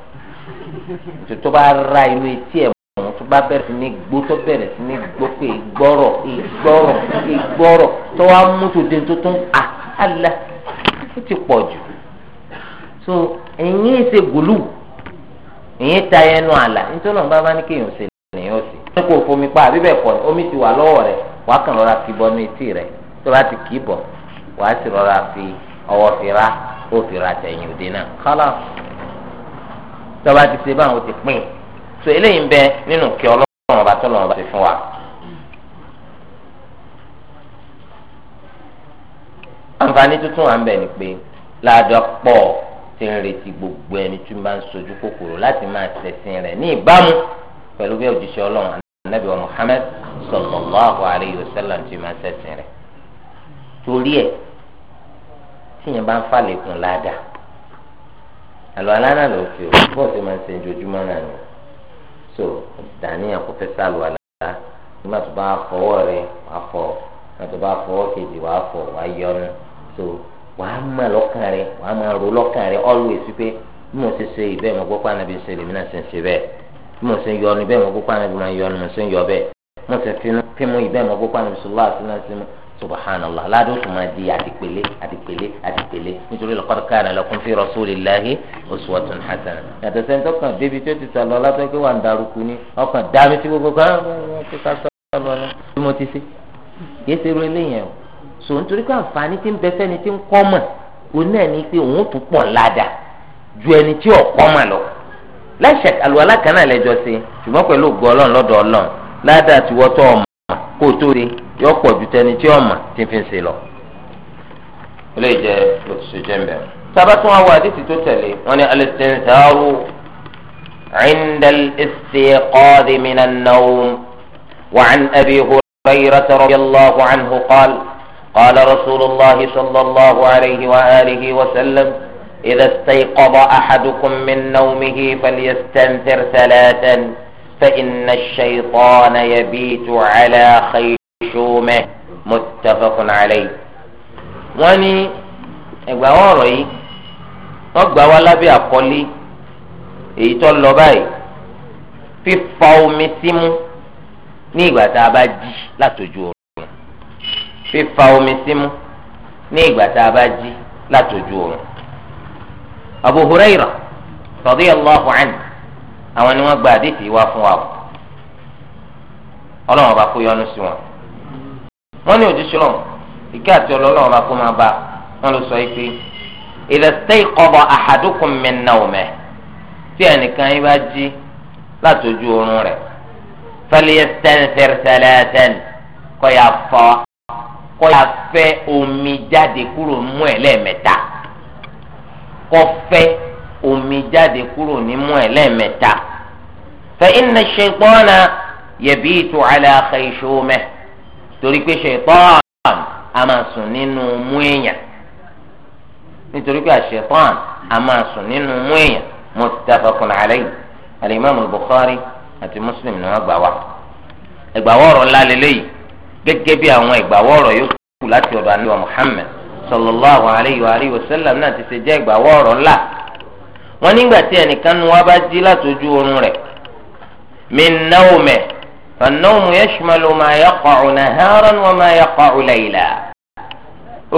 tó bá ra inú etí ẹ̀ mọ̀ tó bá bẹ̀rẹ̀ sí ní gbó tó bẹ̀rẹ̀ sí ní gbó pé ìgbọ́rọ̀ ìgbọ́rọ̀ ìgbọ́rọ̀ tó wá mú tòde tó tún à á la ó ti pọ̀ jù. so ẹ̀yin ṣe gòlù ẹ̀yin ta ẹnu àlà nítorí wọn bá bá ní kéèyàn ṣe lèèyàn ṣe. wọn kò fomi pa àbí bẹ́ẹ̀ kọ́ omi ti wà lọwọ rẹ̀ wàá kàn lọra fi bọ́ ní etí rẹ̀ tó bá ti kì í wàá sì rọra fi ọwọ fi ra ó fi ra tẹ̀yìn òde náà tó bá ti ṣe báwọn so eléyìí ń bẹ nínú kí ọlọ́run ọba tó ti fún wa. àǹfààní tuntun ń ni pé ti ń retí gbogbo ẹni tí máa ń sojú kòkòrò láti máa ṣẹ̀sìn rẹ̀ ní ìbámu pẹ̀lú bí òjíṣẹ́ ọlọ́run anabi wa muhammed sallallahu alayhi wa sallam ti máa ṣẹ̀sìn rẹ̀ torí ẹ̀ tíyẹn bá ń falẹ̀kùn ládàá àlọ́ aláná ló fi o bọ́ọ̀ sì máa ń sẹ́yìn ojoojúmọ́ náà ni so dàníyàn kò fẹ́ sálù àlàlá nígbà tó bá fọwọ́ rẹ̀ wàá fọ nígbà tó bá fọwọ́ kejì wàá fọ wàá yọnu so wàá mọ̀ lọ́kàn rẹ wàá mọ̀ ro lọ́kàn rẹ always wípé bí mo ṣe ṣe ìbẹ́ mo gbọ́ pàánà bí ṣe lèmi náà ṣe ń ṣe bẹ́ẹ̀ bí mo ṣe ń yọnu ìbẹ́ mo gbọ́ pàánà bí mo yọnu mo ṣe ń yọ bẹ́ẹ̀ mo ṣe fímú ìbẹ́ mo gbọ́ pàánà bí sọlá àti náà ṣe mú subhanallah aládùn tó máa di àdìpẹ̀lẹ̀ àdìpẹ̀lẹ̀ àdìpẹ̀lẹ̀ nítorí laqad kana lakum fi rasulillahi uswatun hasana. yàtọ̀ sẹ́ńtọ́ kan débi tí ó ti sàlọ́ látọ́ pé wà ń darúkú ni ọkàn dá mi sí gbogbo kan ó ti ká sọ́ọ́ bí mo ti ṣe yé ṣe ru eléyìí ẹ̀ o so nítorí pé àǹfààní tí ń bẹ sẹ́ni tí ń kọ́ mọ̀ òun náà ni pé òun tún pọ̀ ládàá ju ẹni tí ò kọ́ mọ̀ lọ láṣẹ àlùwàlá kan náà lẹ́jọ́ sí ṣùgbọ́n pẹ̀lú ògo ọlọ́run lọ́dọ̀ ọlọ́run ládàá ti wọ́tọ̀ ọmọ kó tó rí yọ pọ̀ ju tẹni tí ọmọ ti fi ṣe lọ. ilé ìjẹ ló jẹ́ ń sábà tún wá wá àdìsí tó tẹ̀lé wọn ni al-istinsaru قال رسول الله صلى الله عليه وآله وسلم إذا استيقظ أحدكم من نومه فليستنثر ثلاثا فإن الشيطان يبيت على خيشومه متفق عليه واني ní ẹgbà ọ̀rọ̀ yìí wọ́n gbà wá lábẹ́ في èyí tó lọ báyìí fífa omi símú ní fífa omi símú ní ìgbà tá a bá jí látòjú Abu Hurairah radiyallahu anhu àwọn ni wọ́n gba àdìsí wá fún wa ọlọ́run ọba kó yọ́nú sí wọn. wọ́n ní òjíṣẹ́ lọ́wọ́ ìké àti ọlọ́run ọba kó máa bá wọn lọ sọ pé idha stayqadha ahadukum min nawmihi tí ẹnìkan yín bá jí látòjú oorun rẹ̀ ya kọ́ ya fẹ́ omi jáde kúrò mú ẹ̀ lẹ́ẹ̀mẹ́ta kọ́ fẹ́ omi jáde kúrò ní mú ẹ̀ lẹ́ẹ̀mẹ́ta fa inna ash-shaytana yabitu ala khayshumih torí pé ṣètọ́n a máa sùn nínú mú èèyàn nítorí pé àṣetọ́n a máa sùn nínú mú èèyàn muttafaqun alayhi al-imam al-bukhari àti muslim ni wọ́n gbà wá ẹgbàá wọ̀rọ̀ ńlá lélẹ́yìí. gẹ́gẹ́ bí àwọn ìgbàwọ́rọ̀ yòókù láti ọ̀dọ̀ àníwá Muhammad sallallahu alayhi wa alayhi wa sallam náà ti ṣe jẹ́ ìgbàwọ́rọ̀ ńlá wọn nígbà tí ẹnìkan nu wa bá jí látòjú oorun rẹ̀ min nawmi fan-nawmu yashmalu ma yaqa'u naharan wa ma yaqa'u layla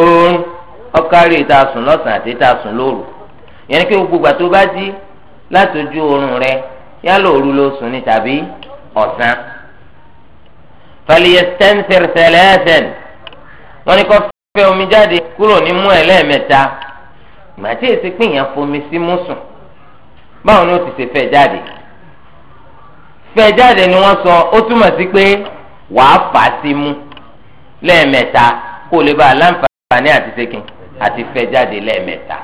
oorun ọkàrí ìtasùn lọ́sàn àti ìtasùn lóru yẹn kí gbogbo tó bá jí oorun òru ló sùn ní tàbí falyastanthir thalathan wọ́n ní kó fẹ́ omi jáde kúrò nímú ẹ̀ lẹ́ẹ̀mẹ́ta ìgbà tí èsì pín yẹn fomi sí mú sùn báwo ni ó ti ṣe fẹ́ jáde fẹ́ jáde ni wọ́n sọ ó túmọ̀ sí pé wàá fà á sí mú lẹ́ẹ̀mẹ́ta kó lè bá a àti ṣèkìn àti fẹ́ jáde lẹ́ẹ̀mẹ́ta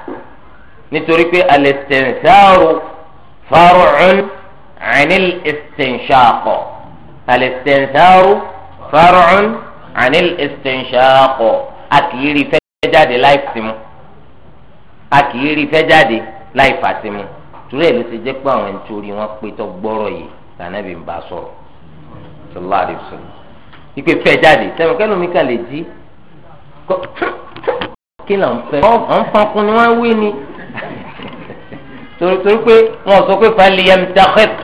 nítorí pé al-istinsaru far'un 'anil istinshaq al-istinsaru far'un anil istinshaq a kì í rí fẹ́ jáde láì fàtimu a kì í rí fẹ́ jáde láì fàtimu torí ẹ̀ ló ti jẹ́ pé àwọn ẹni tó wọn pé tó gbọ́rọ̀ yìí lànàbí ń bá sọ̀rọ̀ sallallahu alaihi wasallam ìpè fẹ́ jáde sẹ́wọ̀n kẹ́lómi kan lè jí kí là ń fẹ́ ọ̀ ń fankun ni wọ́n wí ni torí pé wọ́n sọ pé faliyam takhit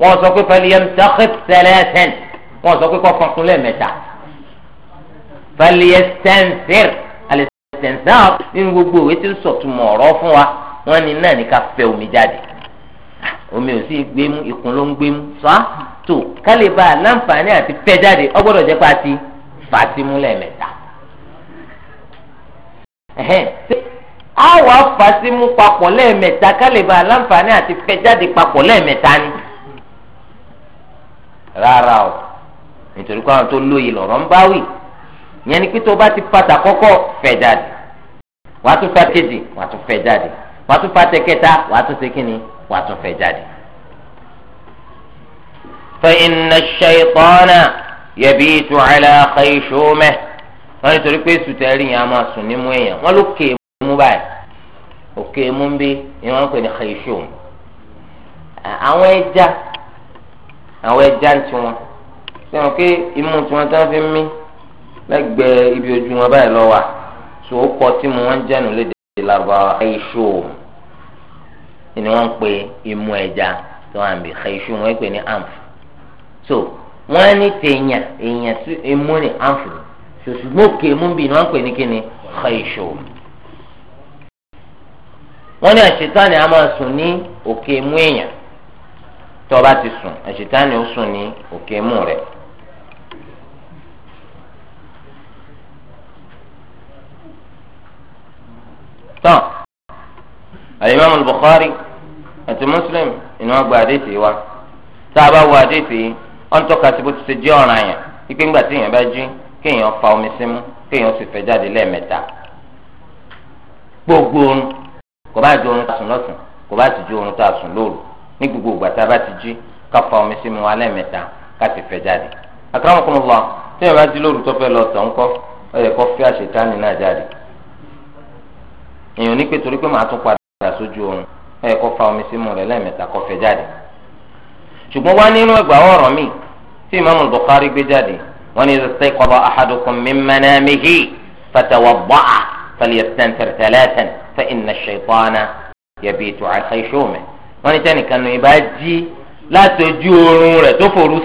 wọ́n sọ pé faliyam takhit sẹlẹ̀ wọn sọ pé kọ́ fọkùn lẹ́ẹ̀mẹ́ta fàlìyẹsẹ̀nsẹ̀r àlẹsẹ̀nsẹ̀r nínú gbogbo òwe tí ń sọ̀túnmọ̀ ọ̀rọ̀ fún wa wọn ni náà ní ká fẹ́ omi jáde omi ò sí gbé mú ikùn ló ń gbé mú sọ́ tó kálíbà láǹfààní àti fẹ́ jáde ọgbọ́dọ̀ jẹ́ pàtí fàtímú lẹ́ẹ̀mẹ́ta àwọn afasimu papọ̀ lẹ́ẹ̀mẹ́ta kálíbà láǹfààní àti fẹ́ jáde papọ̀ lẹ́ẹ̀mẹ́ta ni rárá o nítorí pé àwọn tó lóye lọ̀rọ̀ ń báwì yẹn ni pé tó bá ti pata kọ́kọ́ fẹ̀ jáde wàá tún fa kejì wàá tún fẹ̀ jáde wàá tún fa tẹ̀kẹta wàá tún sekínì wàá tún fẹ̀ jáde. fa inna ash-shaytana yabitu ala khayshumih wọ́n nítorí pé sùtẹ́rì yẹn a máa sùn nímú èèyàn wọ́n ló kéé mú báyìí òkè mú bí ìwọ̀n ń pè ní khayshum àwọn ẹja àwọn ẹja ń tiwọn sẹ́wọ̀n pé imú tí wọ́n tán fi ń mí lẹ́gbẹ̀ẹ́ ibi ojú wọn báyìí lọ́wọ́ tó ó kọ tí mo wọ́n ń jẹ́nu léde Lárúbáwá xeyṣu ni wọ́n ń pe imú ẹja tó wà níbi xeyṣu wọ́n ń ní amf so wọ́n ní tèèyàn èèyàn tí imú ní amf ṣùgbọ́n òkè imú bì ni wọ́n ń pè ní kíni xeyṣu wọ́n ní àṣetáni a máa sùn ní òkè imú èèyàn tó bá ti sùn àṣetáni ó sùn ní òkè imú rẹ̀. tán alimami al-Bukhari àti Muslim ìnáwó gba àdéhìí wa tá a bá wo àdéhìí wọn tọ́ka sí bó ti ṣe jẹ́ ọ̀ràn yẹn ipe ńgbà tí èèyàn bá jí kéèyàn fa omi símú kéèyàn sì fẹ́ jáde lẹ́ẹ̀mẹ́ta gbogbo oorun kò bá ju oorun tá a sùn lọ́sàn kò bá sì ju oorun tá a sùn lóru ní gbogbo ìgbà tá a bá ti jí ká fa omi símú wa lẹ́ẹ̀mẹ́ta ká sì fẹ́ jáde. àkàrà lọ tí èèyàn bá jí lóru tó fẹ́ lọ tọ̀ ńkọ́ ó yẹ kó fi àṣetánì náà jáde èèyàn ní pé torí pé màá tún padà sójú oorun ẹ kó fa omi símú rẹ̀ lẹ́ẹ̀mẹ́ta kó fẹ́ jáde ṣùgbọ́n wá nínú ẹgbà ọ̀rọ̀ mi tí ìmáàmù Bukhari gbé jáde wọ́n ní istayqadha ahadukum min manamihi fatawadda'a falyastanthir thalathan fa inna ash-shaytana yabitu 'ala khayshumih wọ́n ní tẹnìkan nù ibà jí láti ojú oorun rẹ̀ tó forú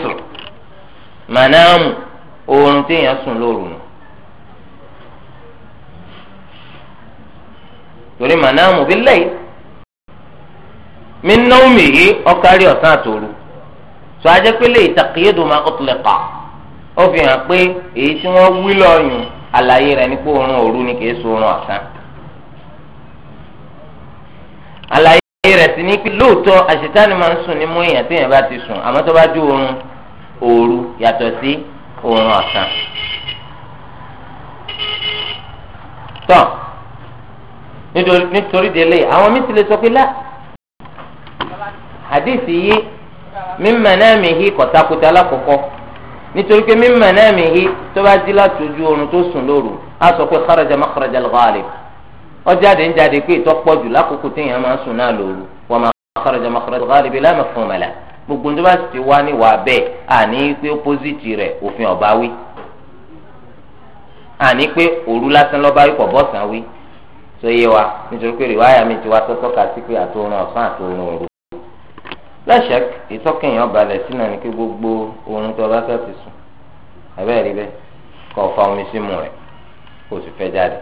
torí mànáàmù bí lẹ́yìn mi náwó mi yìí ọkàrí ọ̀sán àtòru tó ajẹ́ pé lè tàkìyédò máa kó tilẹ̀ pa ó fi hàn pé èyí tí wọ́n wí lọ́yùn àlàyé rẹ̀ ní pé oorun òru ni kìí so oorun ọ̀sán. àlàyé rẹ̀ sì ní pé lóòótọ́ àṣetánì máa ń sùn ní mú èèyàn téèyàn bá ti sùn àmọ́ tó bá dé oorun òru yàtọ̀ sí oorun ọ̀sán nítorí délé àwọn míì ti lè sọ pé lá hadisi yìí mímọ náà mi hí kọ̀tàkùtà lákòókò nítorí pé mímọ náà mi hí tó bá jí láti ojú oorun tó sùn lóru á sọ pé kharaja makhraja al-ghalib ọjáde ń jáde pé ìtọ́ pọ̀ jù lákòókò téèyàn máa ń sùn náà lóru wa ma kharaja makhraja al-ghalib la mafhuma lahu gbogbo tó bá ti wá níwàá bẹ́ẹ̀ àní pé opposite rẹ̀ òfin ọ̀bá wí àní pé òru lásán lọ́ba wí pọ̀ bọ́sàn wí tó yé wa nítorí pé rìwáyà mi ti wá tọ́tọ́ ká sí pé àtòrun ọ̀sán àtòrun òru. lẹ́sẹ̀k ìtọ́kẹ̀yìn sínú ni gbogbo oorun tó bá fẹ́ ti sùn ẹ̀bẹ́ rí bẹ́ẹ̀ fa omi rẹ̀ kó o sì fẹ́ jáde.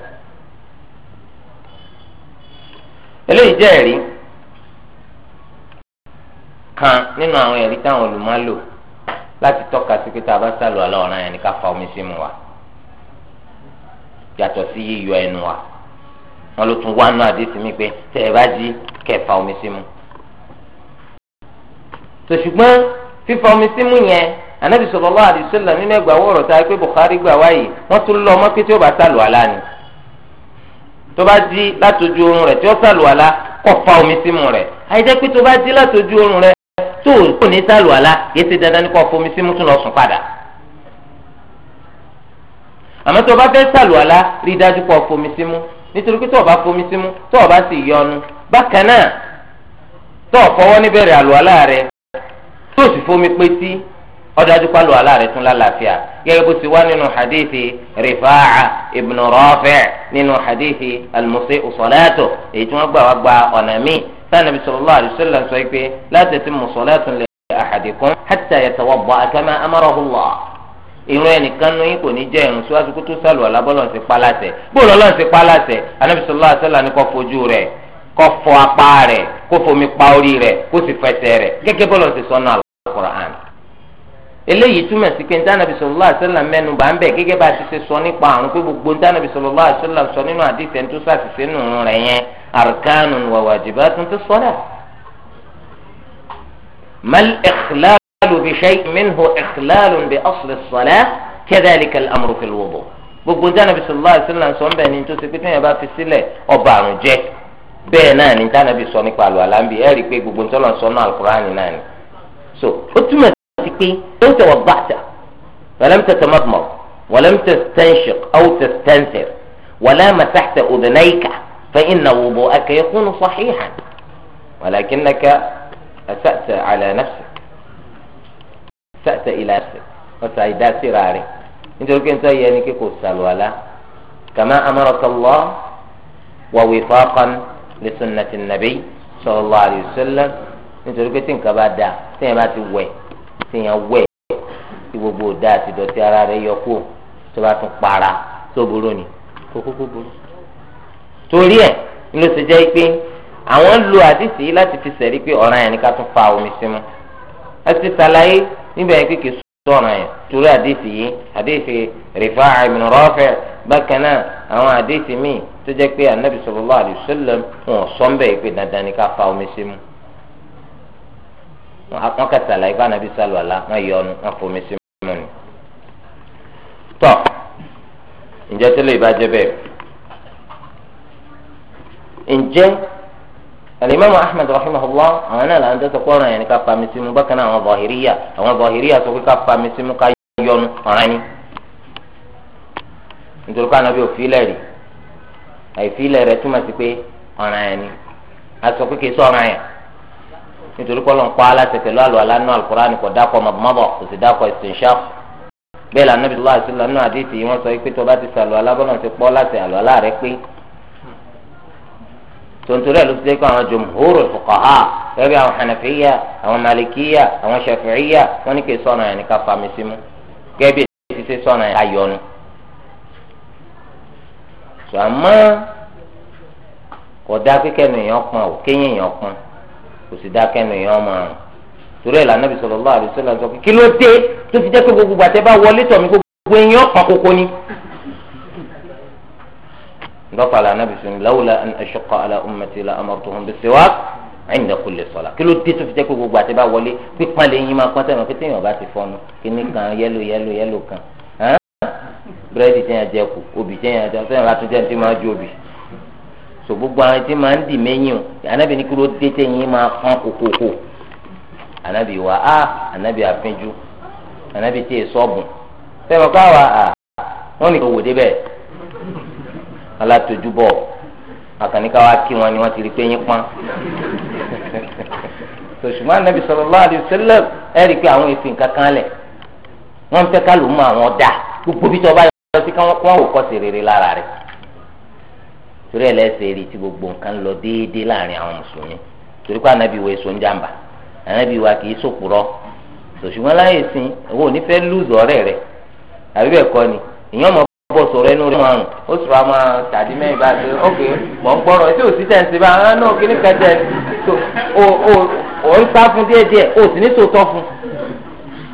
eléyìí jẹ́ ẹ̀rí kan nínú àwọn ẹ̀rí táwọn olùmọ̀ lò láti tọ́ka sí pé tá a bá fa omi wa yàtọ̀ sí yíyọ ẹnu wa. wọn ló tún wá nù àdéhùn mi pé tẹ ẹ bá jí kẹfà omi sí mu. tó ṣùgbọ́n fífa omi sí mu yẹn anabi sallallahu alaihi wasallam nínú ẹgbàá wọ̀rọ̀ tá a pé Bukhari gbà wáyé wọ́n tún lọ ọmọ pé tí ó bá sàlù àlá ni tó bá jí látòjú oorun rẹ̀ tí ó sàlù àlá kó fa omi sí mu rẹ̀ àyíjẹ́ pé tó bá jí látòjú oorun rẹ̀ tó o ní sàlù àlá yìí ti dandan ní fomi sí mu tún lọ sùn padà àmọ́ tó bá fẹ́ sàlù àlá rí dájú kó fomi sí mu nítorí pé tó o bá fomi sí mu tó o bá sì yọnu bákan náà tó o fọwọ́ níbẹ̀rẹ̀ àlùwalá rẹ tó o sì fomi pé tí ọdájú pa àlùwalá rẹ tún lálàáfíà gẹ́gẹ́ bó ti wá nínú hadithi Rifa'a ibn Rafi' nínú hadithi al-musi'u èyí tí wọ́n gbà wá gba ọ̀nà míì sanabi sallallahu alayhi wa sallam sọ pé la tatimmu salatun li ahadikum hatta yatawadda'a kama amarahu Allah irun ẹnìkan nu yín kò ní jẹ́ irun síwájú kó tó sálù alábọ́lọ̀ ń ṣe pálásẹ̀ bóòlù ọlọ́run ṣe pálásẹ̀ Ànábì sallallahu alaihi wasallam ni kó fojú rẹ̀ kó fọ apá rẹ̀ kó fomi pa orí rẹ̀ kó sì fẹsẹ̀ rẹ̀ gẹ́gẹ́ bọ́ọ̀lù ṣe sọ́nà al-Qur'an. eléyìí túmọ̀ sí pé ntànàbì sallallahu alaihi wasallam ń bẹ̀ gẹ́gẹ́ bá a ti ṣe sọ nípa àrùn pé gbogbo ntànàbì بشيء منه إخلال بأصل الصلاة كذلك الأمر في الوضوء gbogbo tí anabi sọlá àṣìlá sọ ń bẹ ní tó ṣe pé téèyàn bá fi sílẹ̀ ọba àrùn jẹ bẹ́ẹ̀ náà ní tí anabi sọ nípa àlọ àlámbì ẹ rí i pé gbogbo tí Ọlọ́run sọ náà alukurani náà ni. so ó túmọ̀ sí pé ó tẹ̀wọ̀ bàtà wàlẹ́ mtẹ tẹmọ́tìmọ̀ wàlẹ́ mtẹ stẹ́ńṣìk ọ́ tẹ stẹ́ńṣìk wàlẹ́ mẹsàkítẹ ọ̀dẹ̀nẹ́yìká fẹ́ iná wòbó akẹ́yẹ kúnnù sọ̀híhàn wàlẹ́ kí tàtà ìlàsì ọ̀tà ìdásíra rẹ̀ nítorí pé nítorí yẹn ni kí kò sàlùwàlá kàmá amárọ̀tọ̀lọ́ wàwí fọ́ọ̀kan lè sunnati nàbí sọ̀rọ̀lá àdìsọ́lá nítorí pé tí nǹkan bá dà tíyẹn bá ti wẹ̀ tíyẹn wẹ̀ kí gbogbo dà àti dọ̀tí ara rẹ̀ yọ kú tó bá tún para tó burú ni kó burú. torí ẹ̀ ló ti jẹ́ pé àwọn lo àdìsí láti fi sẹ̀rí pé ọ̀ràn yẹn ni ká tún fa omi sí mu. ẹ ti sàlàyé níbẹ̀ yẹn kékeré sọ̀rọ̀ yẹn torí àdéhìí yìí àdéhìí Rifa'a ibn Rafi' bákan náà àwọn àdéhìí míì tó jẹ́ pé anabi sallallahu alaihi wasallam wọn sọ ń bẹ̀ pé dandan ni ká fa omi sí mu wọn kà sàlàyé pé anabi sàlù àlá wọn yọ ọnu wọn fomi sí mu ni. tọ́ ǹjẹ́ tẹ́lẹ̀ ìbá bẹ́ẹ̀ ǹjẹ́ alimami ahmed rahimahullah àwọn náà làwọn tẹsán kọrọ yẹn ká fami símu bákan náà àwọn zahiriya àwọn zahiriya sọ pé ká fami símu ká yọnu ọ̀ràn ni nítorí pé anabi òfìlẹ̀ rí àìfìlẹ̀ rẹ túmọ̀ sí pé ọ̀ràn yẹn ni a sọ pé kì í sọ ọ̀ràn yẹn nítorí pé ọlọ́run pa aláṣẹ pẹ̀lú àlọ́ alánú alukur'an kò dákọ̀ mọ̀bọ̀mọ̀bọ̀ kò sì dákọ̀ istinshaq bẹ́ẹ̀ lànà bí lọ́wọ́ àti lọ́nà àdìsí wọn sọ pé tó bá ti sàlọ́ alábọ́nà ti pọ́ láti àlọ́ alá rẹ pé tontori ẹ̀ ló ti dé kó àwọn jumhuru fuqaha a àwọn hanafiya àwọn malikiya àwọn shafi'iya wọ́n ní ya sọ̀nà yẹn ní ká fami sí mu gẹ́bí ẹ̀ ti yẹn kò dá kò sì dá sọ kí ló dé tó fi gbogbo bá ńdọ́fà la anabi sùn lawla an ashqa ala ummati la amartuhum bis-siwak inda kulli salah kí ló dé tó fi jẹ́ pé gbogbo àti bá wọlé pípọ́n lè yín máa pọ́n sẹ́yìn pété yàn bá ti fọ́nu kíní kan yẹ́lò yẹ́lò yẹ́lò kan búrẹ́dì tẹ́yìn ajẹ́ kù obì tẹ́yìn ajẹ́ sẹ́yìn bá tún jẹ́ ti máa ju obì so gbogbo àwọn tí máa ń dì mẹ́yìn o anabi ní kí ló dé tẹ́yìn máa pọ́n anabi wa a anabi àfínjú anabi tí ì sọ́ọ̀bù sẹ́yìn bá wà á wọ́n ní kò wò débẹ̀ alátojúbọ àkànníkà wa kí wọn ni wọn ti rí pé yín pọn anabi rí i pé àwọn èsì lẹ̀ wọ́n ń fẹ́ ká ló mú àwọn gbogbo bí tí wọ́n bá yọ sí káwọn rere lára rẹ̀ torí rí ti gbogbo nǹkan lọ déédéé láàrin àwọn mùsùlùmí torí pé anabi wo èso ń bọ̀ sọ̀rọ̀ ẹnu rẹ̀ márùn ó sọ̀rọ̀ àmọ́ tàbí mẹ́rin bá ṣe ok mọ̀ ń gbọ́rọ̀ tí ò sí tẹ̀sí bá ẹ̀ náà kí ní kẹjẹ ò ń sá fún díẹ̀ díẹ̀ ò sì ní sòótọ́ fún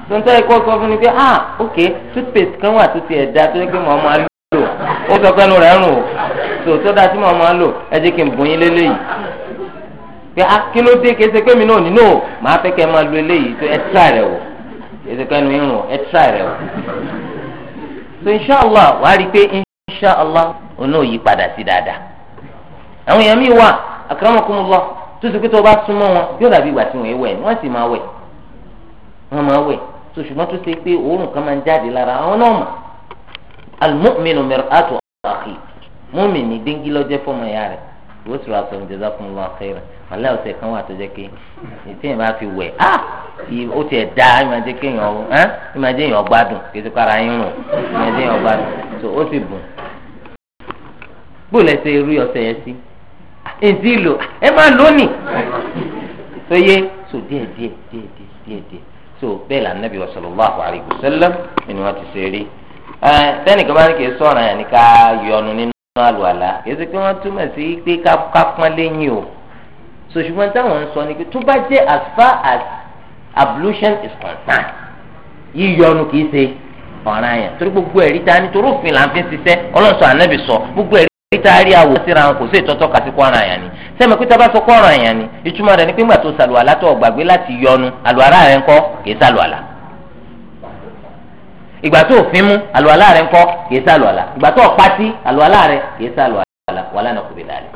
tontọ́ ẹ̀kọ́ sọ fún mi pé ah ok toothpaste kan wà tó ti ẹ̀ da tó yẹ pé mo máa lò ó sọ pé ẹnu rẹ̀ rùn o tó tó da tí mo máa lò ẹ jẹ́ kí n bùn yín lélẹ́yìí pé ah kí ló dé kí ẹsẹ̀ pé mi náà nínú o màá fẹ́ kẹ́ máa lo eléyìí tó ẹ tíra rẹ̀ wò ẹsẹ̀ pé ẹnu yín rùn ẹ tíra rẹ̀ wò so inshallah wàá rí i pé inshallah òun náà yí padà sí dáadáa àwọn èèyàn míì wà akramakumullah tó sì pé tó bá súnmọ́ wọn yóò dàbí ìgbà tí wọ́n wẹ̀ wọ́n sì máa wẹ̀ wọ́n máa wẹ̀ so ṣùgbọ́n tó ṣe pé òórùn kan máa ń jáde lára àwọn náà mọ̀ al-mu'minu mir'atu akhi mu'mini díngí fọmọ ìyá rẹ̀ wọ́n sọ̀rọ̀ àtọ̀ ní jẹ́sà fún wa kẹ́rẹ́ wàhálà ọ̀sẹ̀ kan wà tó jẹ́ pé ìtẹ̀yìn bá fi wẹ̀ á ah! ó tiẹ̀ da ìmọ̀jẹ́ kéèyàn ẹ́ ìmọ̀jẹ́ èèyàn gbádùn kìí kára yín rùn ìmọ̀jẹ́ èèyàn gbádùn tó ó sì bùn. bóòlù ẹsẹ̀ irú ọ̀sẹ̀ yẹn sí ètí ah, ìlò ẹ máa lónìí tó yé so díẹ̀ díẹ̀ díẹ̀ díẹ̀ díẹ̀ so bẹ́ẹ̀ là nàbí wọ́n sọ̀rọ̀ yẹn ní nínú àlùwàlà yẹtù pé wọ́n túmọ̀ sí pé ká pọ́n lẹ́yìn o so ṣùgbọ́n táwọn ń sọ ni pé tó bá jẹ́ as far as ablution is concerned yíyọnu kìí ṣe ọ̀ràn yẹn torí gbogbo ẹ̀rí ta ni torí òfin là ń fi ṣiṣẹ́ ọlọ́sọ ànábì sọ gbogbo ẹ̀rí ta rí àwò síra wọn kò sí ìtọ́tọ́ ka sí kó ọ̀ràn yẹn ni sẹ́mi pé tábà sọ kó ọ̀ràn yẹn ni ìtumọ̀ rẹ̀ ni pé ńgbà tó ṣàlùwàlà tó gbàgbé láti yọnu àlùwàlà rẹ̀ ńkọ́ kìí ṣàlùwàlà ìgbà tó òfin mú àlùwàlá rẹ ńkọ́ kìí sá àlùwàlá ìgbà tó ọ̀pátí àlùwàlá rẹ kìí sá àlùwàlá wàlá náà kò bí dàlẹ́.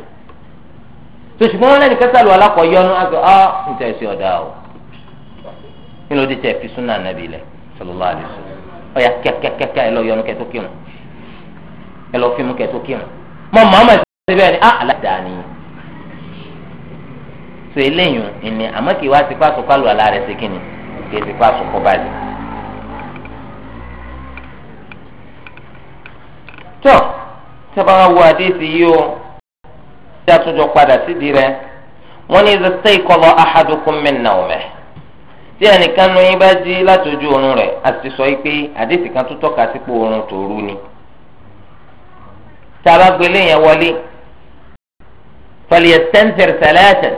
tó ṣùgbọ́n wọn lẹ́nu kẹta àlùwàlá kọ yọnu àgbẹ̀ ọ́ ń tẹ̀ sí ọ̀dà o nínú ó di fi súnà nàbì lẹ̀ sallallahu alaihi wasallam ọ̀yà kíákíákíá ẹ lọ yọnu kẹtó kírun ẹ lọ fimu kẹtó kírun mọ màmá ṣe bẹ́ẹ̀ ni á ah, aládàáni àmọ́ wá tó tí wo àdéhùn yi o tí a tún jọ padà sídìí rẹ̀ wọ́n ní ìdí sẹ ìkọlọ ahadukum min tí ẹnìkan nu yín bá jí láti ojú oorun kan tó tọ́ka sípò oorun ni tá a bá gbélé yẹn wọlé falyastanthir thalathan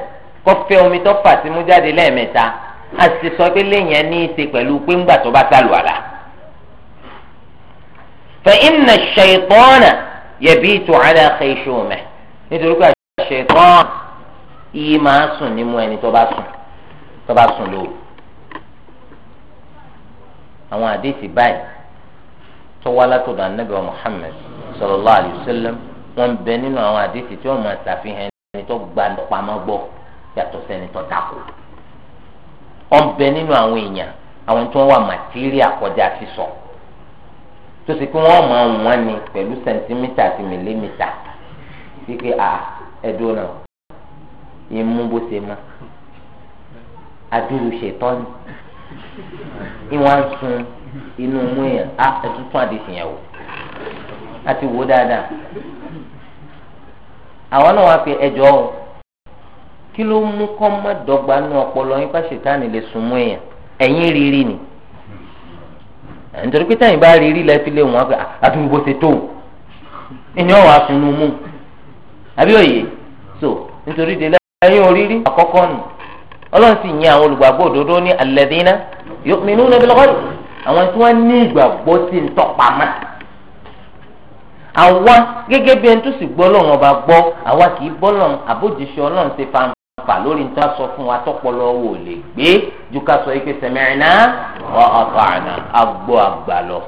kó fẹ́ omi tó fà sí mú jáde lẹ́ẹ̀mẹ́ta sọ pé ẹ ní í ṣe فإن الشيطان يبيت على خيشومه nítorí pé الشيطان yìí máa sùn nímú ẹni tó bá sùn tó bá sùn lóru àwọn àdéhìí báyìí tó wá látọ̀dọ̀ anábì wa Muhammad sallallahu alayhi wa sallam wọ́n bẹ nínú àwọn àdéhìí tí wọ́n máa ṣàfihàn ẹni tó gba pamọ́ gbọ́ yàtọ̀ sẹ́ni tó dáko wọ́n bẹ nínú àwọn èèyàn àwọn tó wà màtíríà kọjá sísọ. So tó ti pé wọ́n máa wọ́n ni pẹ̀lú sẹ̀ntímítà àti mìlímítà wípé à ẹ̀dùn náà ìmú bó ṣe mọ́ adúlù ṣètọ́ ni ìwọ̀n á sun inú mú yẹn á ẹ̀tútún àdìsí yẹn wò láti wò dáadáa àwọn náà wá pé ẹjọ́ o kí ló mú kọ́ mọ́ dọ́gba nínú ọpọlọ yín pàṣẹ táà nílé sun mú yẹn ẹ̀yìn rírì ni nítorí pé táyìn bá rí rí lẹ́sí lé wọn àdúgbò ṣe tó ẹni ọ̀wọ́ àfinú mú àbí òye so nítorí délẹ̀ ẹ̀yìn orírí àkọ́kọ́ nù ọlọ́run sì yin àwọn olùgbàgbọ́ òdodo ní alladhina yu'minuna bil ghaib àwọn tí wọ́n ní ìgbàgbọ́ sí ń tọ́pamọ́ àwa gẹ́gẹ́ bí ẹni tó sì gbọ́ lọ́wọ́n ọba gbọ́ àwa kì í bọ́ lọ́wọ́n àbójúṣe ọlọ́run ṣe fan fà lórí ní ta sọ fún wa tọpọlọ wò lè gbé ju ká sọ ike sami'na wa ata'na agbó àgbà lọ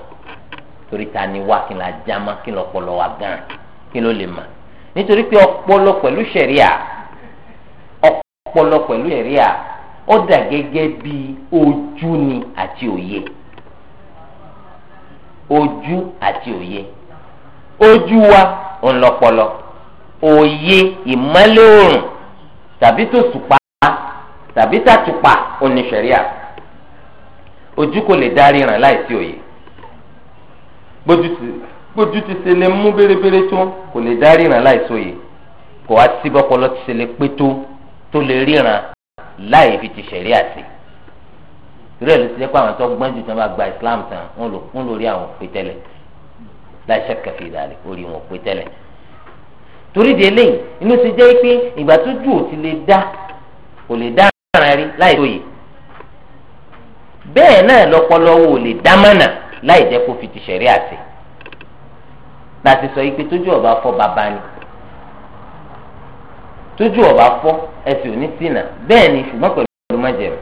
torí ta ni wá kí n la jáma kí n lọ pọlọ wa gan kí n ló lè mà nítorí pé ọpọlọ pẹ̀lú sẹ̀ríà ọpọlọ pẹ̀lú sẹ̀ríà ó dà gẹ́gẹ́ bí ojú ni àti òye ojú àti òye ojú wa ń lọpọlọ òye ìmọ́lẹ̀ òrùn tàbí tó tùpá tàbí tàtùpà oníṣẹ̀ríà ojú kò lè darí ràn láìsí òye gbójú ti ṣe lè mú bérebére tó kò lè darí ràn láìsí òye kò wá sí bọ́pọlọ ti ṣe lè pé tó tó lè ríran láì fi ti ṣẹ̀ríà sí ìrẹ́ ló ti jẹ́ pé àwọn tó gbọ́n jù tí wọ́n bá gba Islam tán wọ́n lò rí àwọn òpè tẹ́lẹ̀ láì ṣe kẹfì ìdàlẹ́ orí wọn òpè tẹ́lẹ̀ torí de eléyìí inú ṣe jẹ́ pé ìgbà tó jù ò ti lè dá kò lè dá àrà rí láì tóye bẹ́ẹ̀ náà lọ́pọ̀lọpọ̀ ò lè dá mọ̀nà láì jẹ́ kó fi ti ṣẹ̀rí àti láti sọ yìí pé tójú ọba fọ́ bàbá ni tójú ọba fọ́ ẹsẹ̀ òní sínà bẹ́ẹ̀ ni ṣùgbọ́n pẹ̀lú májẹ̀mú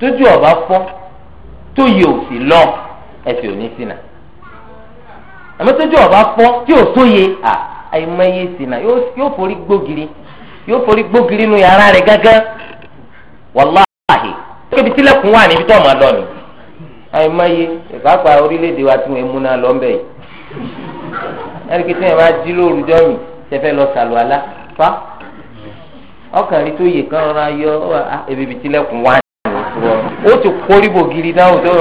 tójú ọba fọ́ tóye ò sì lọ ẹsẹ̀ òní sínà àmọ́ tójú ọba fọ́ tí ò tóye à. àìmọye ìsìnà yóò forí gbógiri yóò forí gbógiri nu yàrá rẹ gángan kébi wà níbi tó lọ ni ìfapá orílẹ̀-èdè wa tí wọ́n mú náà lọ́nbẹ̀ yìí ẹ̀ríkì tí wọ́n bá jí lóru tẹ́fẹ́ lọ sàlù àlá fa ọkàn rí tó kán rọra yọ ah, wà ní ti kórìbò gidi náà ó tó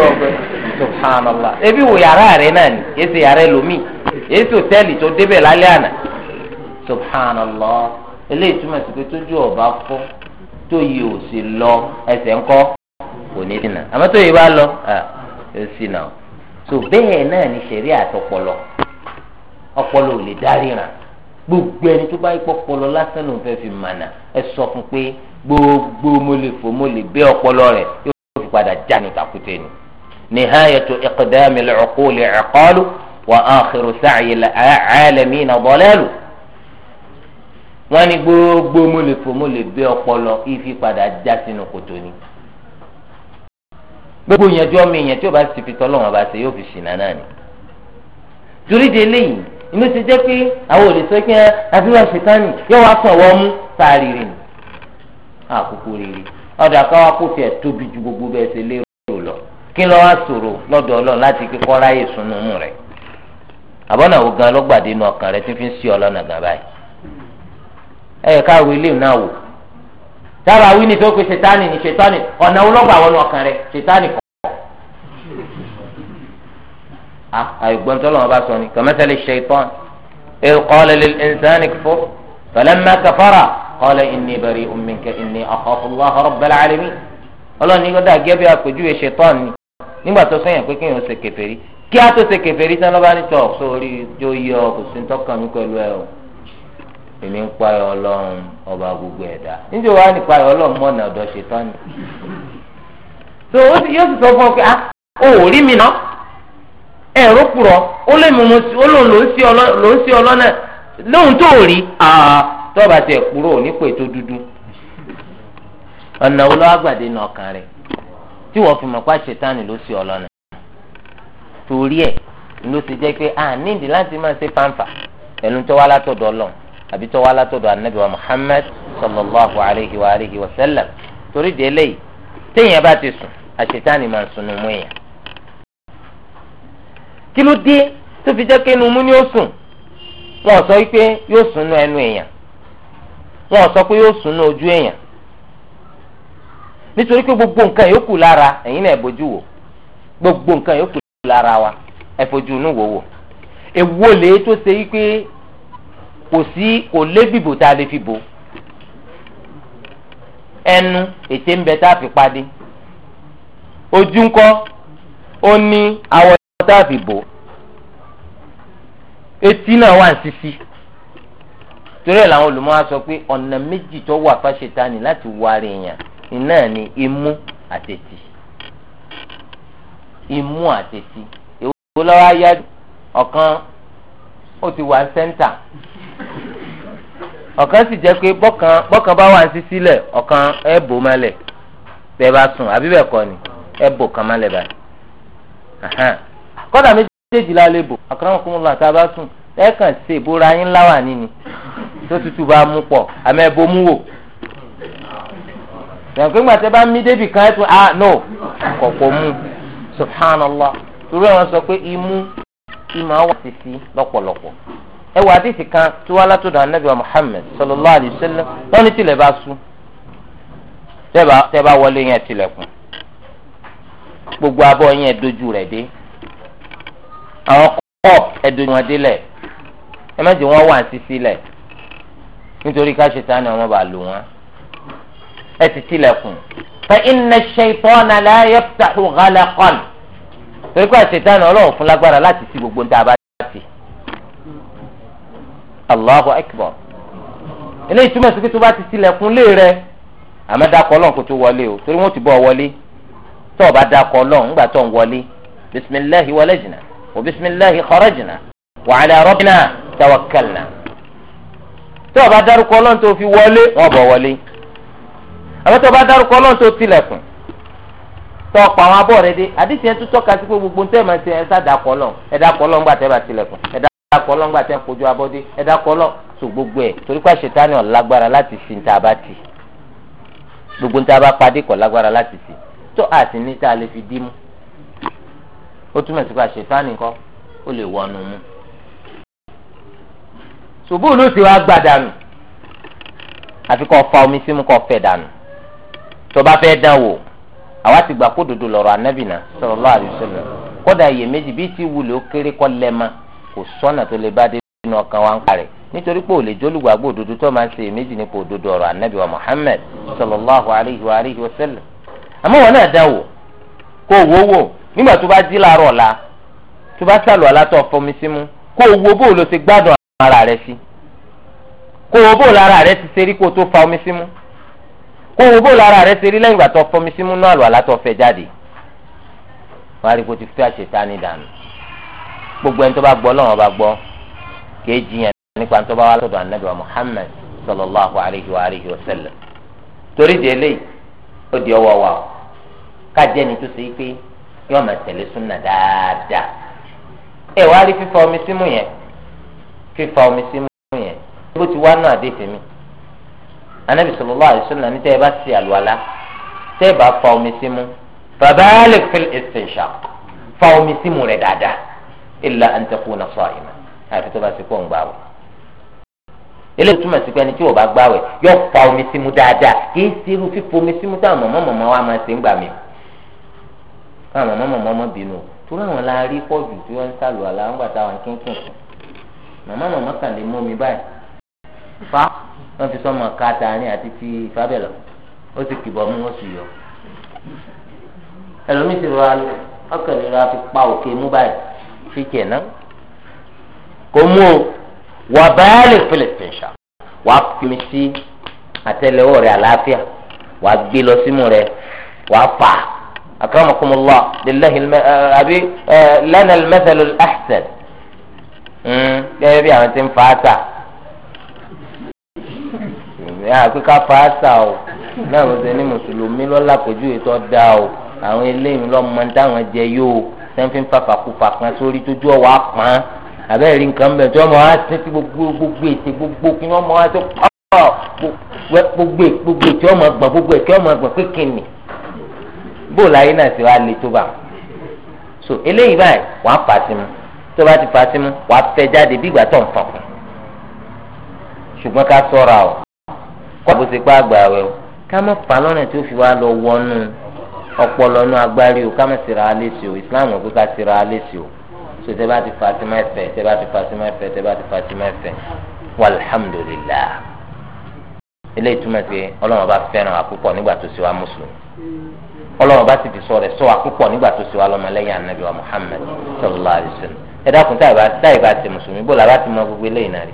subhanallah ebi wò yàrá rẹ náà ni yéésì yàrá ẹlòmíì yéésì òtẹ́ẹ̀lì tó débẹ̀ lálẹ́ àná subhanallah eléyìí túmọ̀ sí pé tójú ọba fọ́ tó ò lọ ẹsẹ̀ ńkọ́ kò ní dínà àmọ́ tó lọ ẹ sì nà so bẹ́ẹ̀ náà ni ọpọlọ ò lè dáríran gbogbo ẹni tó bá yí lásán ló ń fẹ́ gbogbo mo lè fò mo lè bẹ́ ọpọlọ yóò fi padà نهاية إقدام العقول ɛkɔlu وآخر سعي sacyi caalamina dɔlɛlu wọn ni gbogbo mo lè fò mo lè bẹ ọpọlọ ifi padà já sínú kòtò ni gbogbo yẹn jọ mi yẹn tí o bá sì fi tọ́lọ́ wọn bá ṣe yóò fi ṣìnà náà ni torí de eléyìí inú ti jẹ́ pé àwọn olùsọ kí ẹ àfihàn ṣètánì yóò wá sàn wọ́n mú sáà rírì ni àkókò rírì ọ̀dà káwá kó tiẹ̀ tóbi ju gbogbo bẹ́ẹ̀ ṣe lérò kí lọ́ wá sọ̀rọ̀ lọ́dọ̀ ọlọ́run láti kíkọ́ ráyè sunu mú rẹ̀ àbọ̀nà wo gan ló gbàdé inú ọkàn rẹ̀ tí fi ń sí ọlọ́nà gan báyìí ẹ yẹ káwé ilé náà wò dábàá wí ni tó pe ṣètánì ni ṣètánì ọ̀nà olóògbà wọnú ọkàn rẹ ṣètánì kọ́ àìgbọ́n tó lọ́wọ́ bá sọ ni kàmẹ́tẹ́lẹ̀ ṣètán ìkọ́lẹ̀ ìnsánì fún fẹlẹ́mẹ́ kẹfàrà kọ́lẹ̀ ìní bẹ̀rẹ̀ òmìnkẹ́ ìní àkọ́fùlá nígbà tó fẹ́yàn pé kéèyàn ṣe kèfèrí kí á tó ṣe kèfèrí tán lọ́ba ní tọ̀ sórí tó yọ kò sí tọ́kàn mi pẹ̀lú ẹ o èmi ń payọ ọlọ́run ọba gbogbo ẹ̀dá níjẹ́ wàá ní payọ ọlọ́run mọ́nà ọ̀dọ̀ ṣetán ni so ó sì yóò sì sọ fún ọ pé ah o ò rí mi ná ẹ̀rọ kùrọ̀ ó lè mú ó lòun ló ń sí ọlọ́nà lóhun tó rí tọ́ba tiẹ̀ kúrò nípò ètò dúdú ọ̀nà olówó àgbàdé nà ọkàn rẹ̀. tí wọ́n fi mọ̀ pa ṣètánì ló sì ọlọ́nà torí ẹ̀ ló ti jẹ́ pé a nídìí láti máa ṣe fanfa pẹ̀lú tọ́wá látọ̀dọ̀ ọlọ́run àbí tọ́wá látọ̀dọ̀ anabi muhammed sallallahu alayhi wa alayhi wa sallam torí de eléyìí téèyàn bá ti sùn àṣetánì máa sùn èèyàn. kí ló dé tó fi jẹ́ pé inú mú ni ó sùn sọ pé yóò nítorí pé gbogbo nǹkan yòókù lára ẹ̀yin náà ẹ bójú wò gbogbo nǹkan yòókù lára wa ẹ fojú inú wò wò èwo lè tó ṣe yí pé kò sí kò lé bìbò tá a lè fi bò ẹnu ètè ń bẹ tá a fi padé ojú ńkọ́ ó ní awọ tá a fi bò etí náà wà ń sisi torí ẹ̀ làwọn olùmọ̀ á sọ pé ọ̀nà méjì tó wà fáṣetánì láti wọ ara èèyàn iná ni imú àtẹ̀tì imú àtẹ̀tì èwo lọ́wọ́ ayá ọ̀kan ó ti wà sẹ́ńtà ọ̀kan sì jẹ́ pé bọ́kan bọ́kan bá wà ń sí sílẹ̀ ọ̀kan ẹ̀ bò mọ́lẹ̀ bẹ́ẹ̀ bá sùn àbí bẹ́ẹ̀ kọ́ ni ẹ̀ bò kan mọ́lẹ̀ báyìí kọ́dà méjèèjì la lè bò akramakumullah tá a bá sùn ẹ̀ kàn ṣe ìbora yín láwà nínú tó tutù bá mú pọ̀ àmọ́ ẹ̀ bò mú wò yàtọ̀ pé gbàtẹ́ bá mí débi kan ẹ̀ tún ah no kọ̀kọ̀ mu subhanallah torí àwọn sọ pé imú ìmọ̀ àwọn àtìsí lọ́pọ̀lọpọ̀ ẹ wà àdìsí kan tí wọ́n látọ̀dọ̀ anabi wa muhammed sallallahu alayhi wa sallam wọ́n ní tilẹ̀ bá sú tẹ́ bá wọlé yẹn tilẹ̀kùn gbogbo abọ́ yẹn dojú rẹ̀ dé àwọn kọ́ọ̀p ẹ̀dùn wọn délẹ̀ ẹ má jẹ́ wọ́n wà àtìsí lẹ̀ nítorí ká ni wọ́n bá lò wọ́n ẹ ti tilẹ̀kùn fa inna ash-shaytana la yaftahu ghalaqan torí pé àṣetánù ọlọ́run fún lágbára láti sí gbogbo nta bá ti allahu akbar ilé ìtumọ̀ sí pé tó bá ti tilẹ̀kùn lé rẹ àmọ́ dákọ̀ ọlọ́run kò tó wọlé o torí wọ́n ti bọ́ wọlé tó o bá dákọ̀ ọlọ́run ńgbà tó ń wọlé bisimilahi walajna wa bisimilahi kharajna wa ala rabbina tawakkalna tó o dárúkọ ọlọ́run tó fi wọlé wọ́n bọ̀ wọlé àwọn tó bá dárúkọ ọlọ́run tó tilẹ̀kùn tọ́ ọ̀pọ̀ àwọn abọ́ rẹ dé àdìsí yẹn tún tọ́ka sí pé gbogbo ntẹ́ máa ń ṣe ẹ̀sà dàpọ̀ lọ ẹ̀dàpọ̀ lọ ńgbà tẹ́ bá tilẹ̀kùn ẹ̀dàpọ̀ lọ ńgbà tẹ́ kojú abọ́dé ẹ̀dàpọ̀ lọ tó gbogbo ẹ̀ torí pé Ṣẹ̀tánì ò lágbára láti fi ntà bá ti gbogbo ntà bá padì kò lágbára láti fi tó àti ní tá a lè fi dímú ó túmọ̀ sí pé Ṣẹ̀tánì kọ́ ó lè wọnú mu ṣùgbọ́n olóòtú wa gbà dànù àfi kọ́ fa omi símú kọ́ fẹ́ dànù tọba fẹ́ dán wò àwa ti gbà kó dodo lọ́rọ̀ anabi náà sallallahu alaihi wasallam kódà iyèméjì bíi ti wulè ó kéré kọ́ lẹ́ẹ̀ma kò sọ́nà tó lè bá dé nínú ọkàn wa ń parẹ́ nítorí pé olè jólùgbàgbọ́ òdodo tó máa ń ṣe iyèméjì nípa òdodo ọ̀rọ̀ anabi wa Muhammad sallallahu alaihi wa alihi wasallam àmọ́ wọn náà dán wò kó wò wò nígbà tó bá jí láàárọ̀ ọ̀la tó bá sàlù alátọ̀ fọmi símú kó wo bó o lo ti gbádùn ara rẹ sí kó wo bó o lára rẹ ti ṣe rí kó kó o bó lára rẹ ṣe rí lẹ́yìn ìgbà tó fọmi sí múnú àlùwàlá tó fẹ́ jáde wàá rí kó ti fẹ́ àṣetánì dànù gbogbo ẹni tó bá gbọ́ lọ́wọ́ bá gbọ́ kìí jiyàn nípa tó bá wà lọ́dọ̀ anabi wa Muhammad sallallahu alayhi wa alayhi wa sallam torí di ó di ọwọ́ wa o kájẹ́ ni tó ṣe pé yóò máa tẹ̀lé súnà dáadáa ẹ wàá rí fífa omi símú yẹn fífa omi símú yẹn bó ti wá náà dé tèmi anabi sallallahu alaihi wasallam ní tẹ́ ẹ bá ṣe àlùwàlá tẹ́ ẹ bá fa omi sí mu fabalik fil istinshaq fa omi sí mu rẹ̀ dáadáa illa an takuna sa'iman àti tó bá ti kó ń gbà wọ eléyìí túmọ̀ sí pé ẹni tí ò bá gbàwẹ̀ yóò fa omi sí mu dáadáa kì í ṣe irú fífo omi sí mu táwọn mọ̀mọ́ mọ̀mọ́ wa máa ṣe ń gbà mí káwọn mọ̀mọ́ bínú torí àwọn la rí pọ̀jù tí wọ́n ń sàlù àlà gbà táwọn kínkìn mọ̀mọ́ wọ́n fi sọ́mọ ká taarin àti ti fábẹ́lọ ó sì kìbọ̀ mú ó sì yọ. ẹlòmíì ti rọra ọkàn rẹ fi pa òkè mú báyìí fi jẹ̀ náà kò mú o wà báyìí philippine ṣá wà á pin sí àtẹ́lẹwọ́ rẹ àlàáfíà wà á gbé lọ símú rẹ wà á fà á. أكرمكم الله لله الم... أبي لنا المثل الأحسن. أمم يا أبي أنت فاتح yà pé ká fàásà o náà ló ṣe ní mùsùlùmí lọ́la pẹ̀jú ètò ọ̀dà o àwọn eléyìí lọ́mọ táwọn jẹ yóò sẹ́ńfì ń fàfàkù fàpọ́n sórí tójú ọ̀wọ́ àpọ́n àbẹ́rẹ́ nǹkan bẹ̀ tí wọ́n mọ̀ á ṣe tí gbogbo gbogbo ètè gbogbo kí wọ́n mọ̀ á ṣe pọ̀ gbogbo gbogbo tí wọ́n mọ̀ gbọ̀n gbogbo tí wọ́n mọ̀ gbọ̀n kékeré bó láyé náà ti wá le tó bá so eléyìí báyìí wàá fà sí mu tó bá ti fà sí mu wàá fẹ́ jáde bí ìgbà tó ń fọ̀n ṣùgbọ́n ká sọ̀ra o kọ́ bó ṣe pé àgbà rẹ o ká má fà tí ó fi wá lọ wọnú ọpọlọnú agbárí o ká má sira alẹ́ sí o ìsìláàmù pé ká sira alẹ́ sí o so tẹ́ bá ti fa sí máa fẹ́ tẹ́ bá ti fa sí máa fẹ́ tẹ́ bá ti fa sí máa fẹ́ walhamdulillah eléyìí túmọ̀ sí ọlọ́run bá fẹ́ràn àkúpọ̀ nígbà tó ṣe wá mùsùlùmí ọlọ́run bá sì ti sọ rẹ̀ sọ àkúpọ̀ nígbà tó ṣe wá lọ́mọlẹ́yìn anabi wa muhammed sallallahu alayhi wa sallam ẹ dákun táyì bá ti mùsùlùmí bó làbá ti mọ gbogbo eléyìí náà rí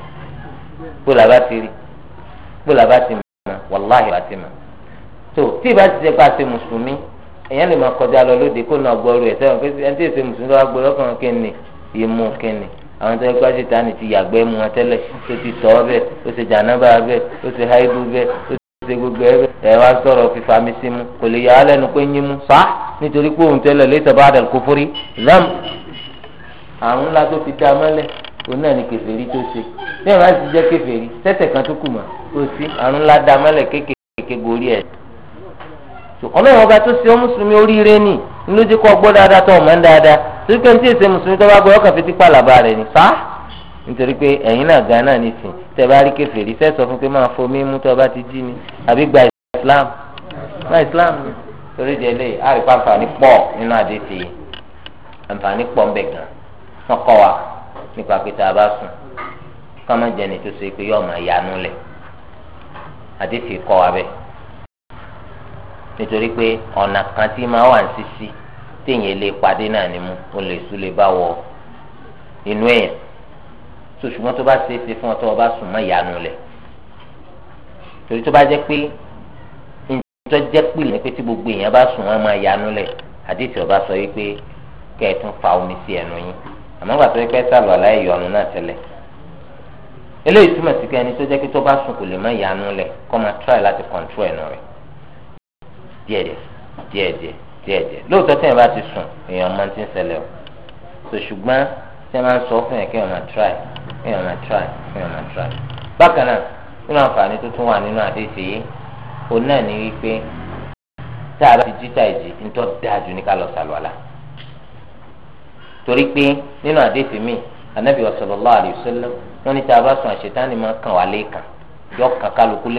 bó làbá ti rí gbọ́dọ̀ bá ti mọ̀ wàláhì bá ti mọ̀ tó tí ìbá ti ṣe pa ṣe mùsùlùmí èèyàn lè máa kọjá lọ lóde kó náà gbọ́ rẹ̀ sẹ́wọ̀n pé ẹni tí èsè mùsùlùmí lọ́wọ́ gbọ́dọ̀ kàn kí ni ìmú kí ni àwọn tó yẹ kó ṣètà ni ti yàgbẹ́ mu wọn tẹ́lẹ̀ tó ti tọ́ bẹ́ẹ̀ ó ṣe jànábà bẹ́ẹ̀ ó ṣe háìdù bẹ́ẹ̀ ó ṣe gbogbo ẹ wá sọ̀rọ̀ fífa mi sí mu kò lè yà á lẹ́nu pé yín mu fa nítorí pé òun tẹ́lẹ̀ lẹ́tọ̀ bá dàl kófórí lẹ́m àwọn ńlá tó fi dá mọ́lẹ̀ òun náà ni kèfèrí tó ṣe bí ẹ̀ máa ti jẹ́ kèfèrí tẹ́tẹ̀ kan tó kù mà ó sí àrùn ńlá da mọ́lẹ̀ kéékèèké gorí ẹ̀. ọlọ́run ọba tó ṣe ọ́ mùsùlùmí oríire ni ńlójú kọ́ gbọ́ dáadáa tó ọmọ ń dáadáa torí pé ní tí èsè mùsùlùmí tó bá gbọ́ ọkàn fi ti pàlàbà rẹ̀ ni fa nítorí pé ẹ̀yin náà gan náà ní sìn tẹ́ bá rí kèfèrí fẹ́ sọ fún pé máa fomi mú tó ọba ti ni àbí gba Islam gba ni torí jẹ́lé nípa pé tá a bá sùn ká má jẹ ní tó ṣe pé yóò máa yanu lẹ àdéfì kọ wa bẹ nítorí pé ọ̀nà kan tí máa wà ń sisi téèyàn lè pàdé náà ni mu ó lè sùn lè bá wọ inú èèyàn tó ṣùgbọ́n tó bá ṣe é ṣe fún ọ tó o bá sùn má yanu lẹ torí tó bá jẹ pé nítorí jẹ́ pìlẹ̀ ní pé tí gbogbo èèyàn bá sùn wọn máa yanu lẹ àdéfì ọba sọ wípé kẹ́ẹ̀tún fa omi sí ẹnu yín àmọ́ gbà tó yẹ pé sàlù aláì yọnu náà tẹ́lẹ̀ eléyìí túmọ̀ sí pé ẹni tó jẹ́ pé tó bá sùn kò lè má yanu lẹ̀ kọ́ máa try láti control ẹnu rẹ̀ díẹ̀díẹ̀ díẹ̀díẹ̀ díẹ̀díẹ̀ lóòótọ́ tí èèyàn bá ti sùn èèyàn máa ti ń ṣẹlẹ̀ o so ṣùgbọ́n tí wọ́n máa ń sọ fún yẹn kí máa try kí èèyàn máa try kí èèyàn máa try bákan náà nínú àǹfààní tó tún wà nínú àdéhìí yìí òun náà ní wípé tá a bá ti jí tá ìjì ń tọ́ dáa jù ní ká lọ sàlùwàlà torí pé nínú àdéhùn mi anabi sallallahu alayhi wọn a bá sùn àṣetánì máa kàn wá lẹ́ẹ̀kan yọ kàn kálukú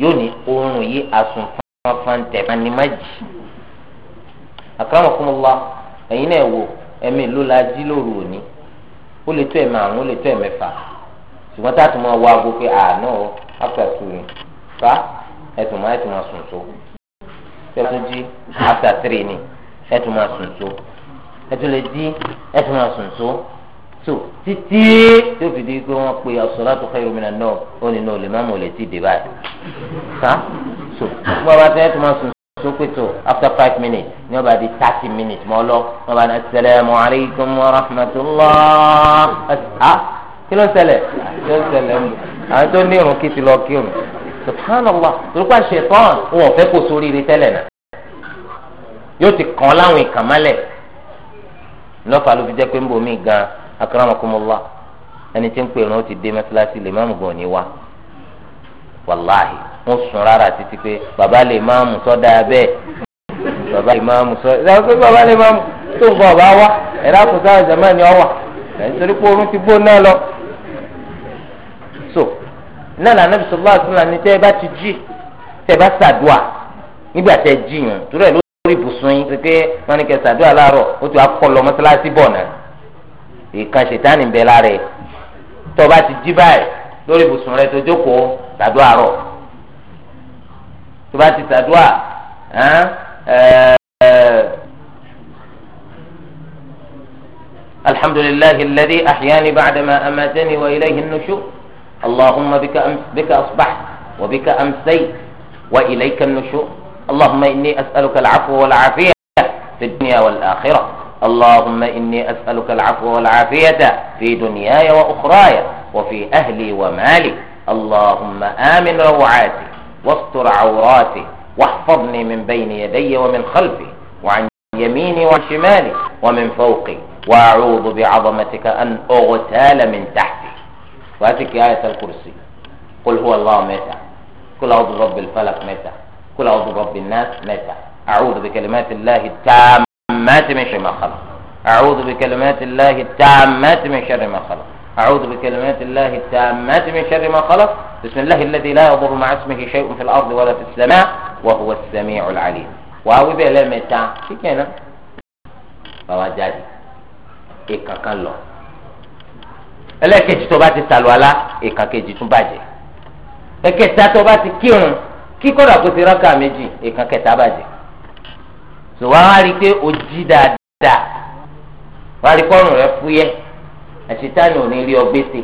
yóò ní oorun yìí asùn fanfan tẹ̀ fanimájì akramakumullah ẹ̀yin náà wò ẹ̀mí ló la loro lóru òní ó lè tó ẹ̀ ó a tún máa wá aago pé àánú fa ẹ̀tùn máa ẹ̀tùn máa sùn tó jí ni máa sùn tó. ẹtún di ẹtún máa tó títí tí fi di pé wọ́n pe as-salatu khairum minan nawm ó nínú olè má olè tí ì báyìí ká tó gbọ́ bá tẹ́ ẹtún máa pé tó after five minutes ní ọba di thirty minutes mọ́ lọ wọ́n bá ní asalaamu alaykum wa rahmatulah ah kí ló ń ṣẹlẹ̀ kí ló ń ṣẹlẹ̀ àwọn tó ní irun kí ti lọ kí irun subhanallah torípa ṣetán wọn ò fẹ́ kó sórí ire tẹ́lẹ̀ náà yóò ti kàn láwọn ìkàmálẹ̀ lọ́fà ló fi jẹ́ pé ń bomi gan akramakumullah ẹni tí ń pè rún ó ti dé mẹ́sàlásì lè máàmù gan ní wa wàláhì wọ́n sùn rárá títí pé bàbá lè máàmù sọ́dà bẹ́ẹ̀ bàbá lè máàmù sọ́dà pé bàbá lè máàmù tó ń bọ̀ bá wá ẹ̀rá kò sáà jẹ̀mọ́ ni ọ wà nítorí pé oorun ti gbóná lọ. so náà lànà bisalòlá àti sọlá ni tẹ́ ẹ bá ti jí tẹ́ ẹ bá ṣàdúà nígbà tẹ́ jí yàn ibùsùn yín pé wọn ní kẹ sàdúrà láàárọ̀ ó ti akọlọ mọ́sálásí bọ̀ náà ìkan ṣètánì ń bẹ lára ẹ tó bá ti jí báyìí lórí ibùsùn rẹ tó jókòó sàdúrà rọ tó o bá ti sàdúrà alhamdulilahi alladhi ahyani ba'dama amatani wa ilayhi an-nushur allahumma bika bika asbahtu wa bika amsaytu wa ilayka an-nushur. اللهم إني أسألك العفو والعافية في الدنيا والآخرة اللهم إني أسألك العفو والعافية في دنياي وأخراي وفي أهلي ومالي اللهم آمن روعاتي واستر عوراتي واحفظني من بين يدي ومن خلفي وعن يميني وعن شمالي ومن فوقي وأعوذ بعظمتك أن أغتال من تحتي وهاتك آية الكرسي قل هو الله متى قل أعوذ برب الفلق متى قل أعوذ برب الناس متى أعوذ بكلمات الله التامات من شر ما خلق أعوذ بكلمات الله التامات من شر ما خلق أعوذ بكلمات الله التامات من شر ما خلق بسم الله الذي لا يضر مع اسمه شيء في الأرض ولا في السماء وهو السميع العليم وأعوذ بكلمات شكينا فوجدت إكاكا كان ẹlẹ́ẹ̀kejì tó bá ti sàlùwàlá ìkàkejì tún bàjẹ́ ẹ̀kẹta tó تو ti كيون kíkọ́dà kó ti rákà méjì èèkàn kẹta bàjẹ́ so wàá wá rí i pé o jí dáadáa wàá rí kọ́rùn rẹ fúyẹ́ àṣetánì ò rí ọ gbèsè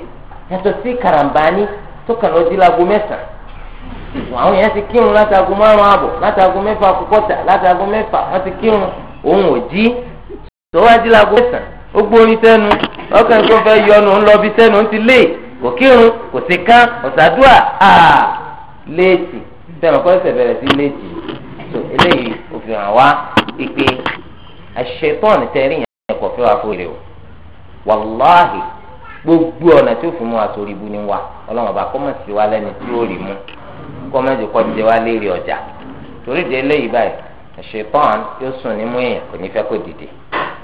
yàtọ̀ sí karambani tó kàn lọ sí lago mẹ́sàn-án àwọn yẹn ti kírun látago márùn ààbọ̀ látago mẹ́fà kúkọ́tà látago mẹ́fà wọ́n ti kírun òun ò jí tọ́wájú lago mẹ́sàn-án ó gbórí sẹ́nu ọkàn tó fẹ́ yọnu ńlọbi sẹ́nu ń ti lé kò kírun kò sí kán ọ̀sàdúà áà léètì sẹ́wọ̀n kọ́ ẹsẹ̀ bẹ̀rẹ̀ sí so tó eléyìí òfin àwa pípé àṣetọ́ọ̀n tẹ́rì yẹn kò fẹ́ wá fòlè o gbogbo ọ̀nà tí ó fún mu ibu ni wa ọlọ́run kọ́ mọ̀ sí wa lẹ́ni tí ó mu kọ́ mọ̀ jù kọ́ jẹ wá léèrè ọjà torí de eléyìí báyìí àṣetọ́ọ̀n yóò sùn nímú èèyàn kò ní fẹ́ kó dìde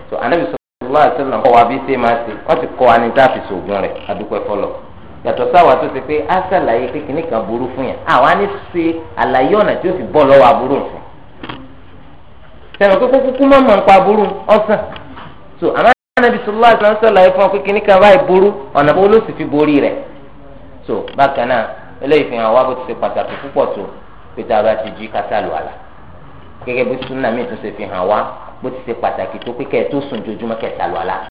tó anábìsọ̀ wa bí yàtọ̀ sáwà tó ṣe pé á ṣàlàyé pé kìnnì kan burú fún yẹn àwa ní ṣe àlàyé ọ̀nà tí ó fi bọ́ lọ́wọ́ aburú nǹkan sẹ́nu kúkú má mọ̀ nípa aburú ọ̀sán so àmọ́ Ànábì sallallahu alaihi wasallam ṣàlàyé fún ọ pé kìnnì kan báyìí burú ọ̀nà bó ló sì fi borí rẹ̀ so bákan náà eléyìí fi hàn wá bó ti ṣe pàtàkì púpọ̀ tó pété ara ti jí kásá lu àlà gẹ́gẹ́ bí súnà mi tó ṣe fi hàn wá bó ti ṣe pàtàkì tó pé kẹ́ẹ̀ tó sùn jojúmọ́ kẹ́ẹ̀ sálù àlà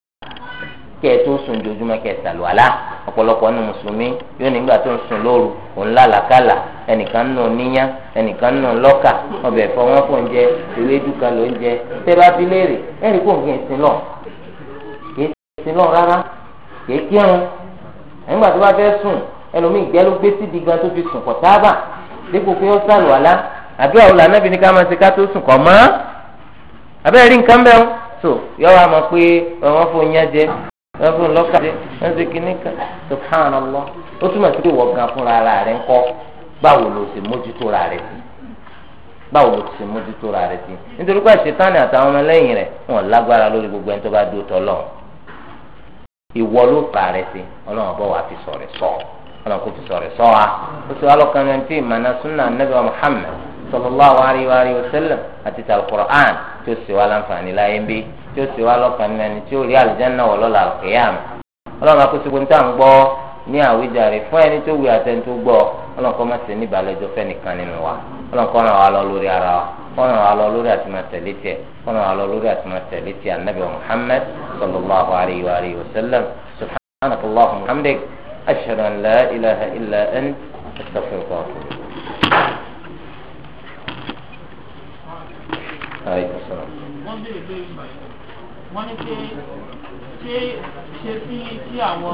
kẹ́ ẹ tó sùn jojúmọ́ kẹ́ ẹ sàlùwàlá ọ̀pọ̀lọpọ̀ nù mùsùlùmí yóò nígbà tó ń sùn lóru òun lálàkàlà ẹnìkan nù níyàn ẹnìkan nù lọ́kà ọbẹ̀ ẹ̀fọ́ wọn fò ń jẹ ewé dúkà ló ń jẹ tẹ́ bá fi léèrè ẹ̀rí kò ń kí n sin lọ kì í sin lọ rárá kì í kírun nígbà tó bá fẹ́ sùn ẹlòmíì gbẹ́ ló gbé síbi gan tó fi sùn kọ̀ táàbà dípò pé ó sàlùwàlá àdúrà òun làná bí ní ká máa ṣe ká tó sùn kọ̀ mọ́ abẹ́rẹ́ rí nǹkan bẹ́ẹ̀ so yọ wa mọ̀ pé wọ́n fún un lọ́kàdé wọ́n ṣe kínní kan subhanallah ó túmọ̀ sí pé wọ́n gan fúnra ara rẹ̀ ń kọ́ báwo ló ṣe mójútó ra rẹ̀ sí báwo ló ṣe mójútó ra rẹ̀ sí nítorí pé ṣètánì àtàwọn ọmọlẹ́yìn rẹ̀ wọ́n lágbára lórí gbogbo ẹni tó bá dúró tọ́ lọ́wọ́ ìwọ ló ta rẹ̀ sí ọlọ́run bọ́ wàá fi sọ̀rẹ̀ sọ ọlọ́run kò fi sọ̀rẹ̀ sọ wa ó ti wá lọ́kàn ẹni tí ìmọ̀nà sallallahu alayhi wa alihi wa sallam àti al-Qur'an tí ó sì wá láǹfààní láyé ń bí tí ó sì wá lọ́kàn mẹ́rin tí ó rí àlùjánnà wọ̀ lọ́la al-qiyam ọlọ́run akóso gbóntà ń gbọ́ ní àwíjàre fún ẹni tó wí àtẹni tó gbọ́ ọlọ́run kọ́ máa ṣe ní ìbàlẹ́jọ́ fẹ́nìkan nínú wa ọlọ́run kọ́ ràn wá lọ lórí ara wa kọ́ ràn wá lọ lórí àti tiẹ̀ kọ́ ràn lọ lórí àti tiẹ̀ anabi muhammed sallallahu alayhi wa alihi wa sallam subhanaka allahumma an la ilaha illa ant astaghfiruka wọ́n béèrè pé wọ́n ní pé ṣé ṣe sí kí àwọn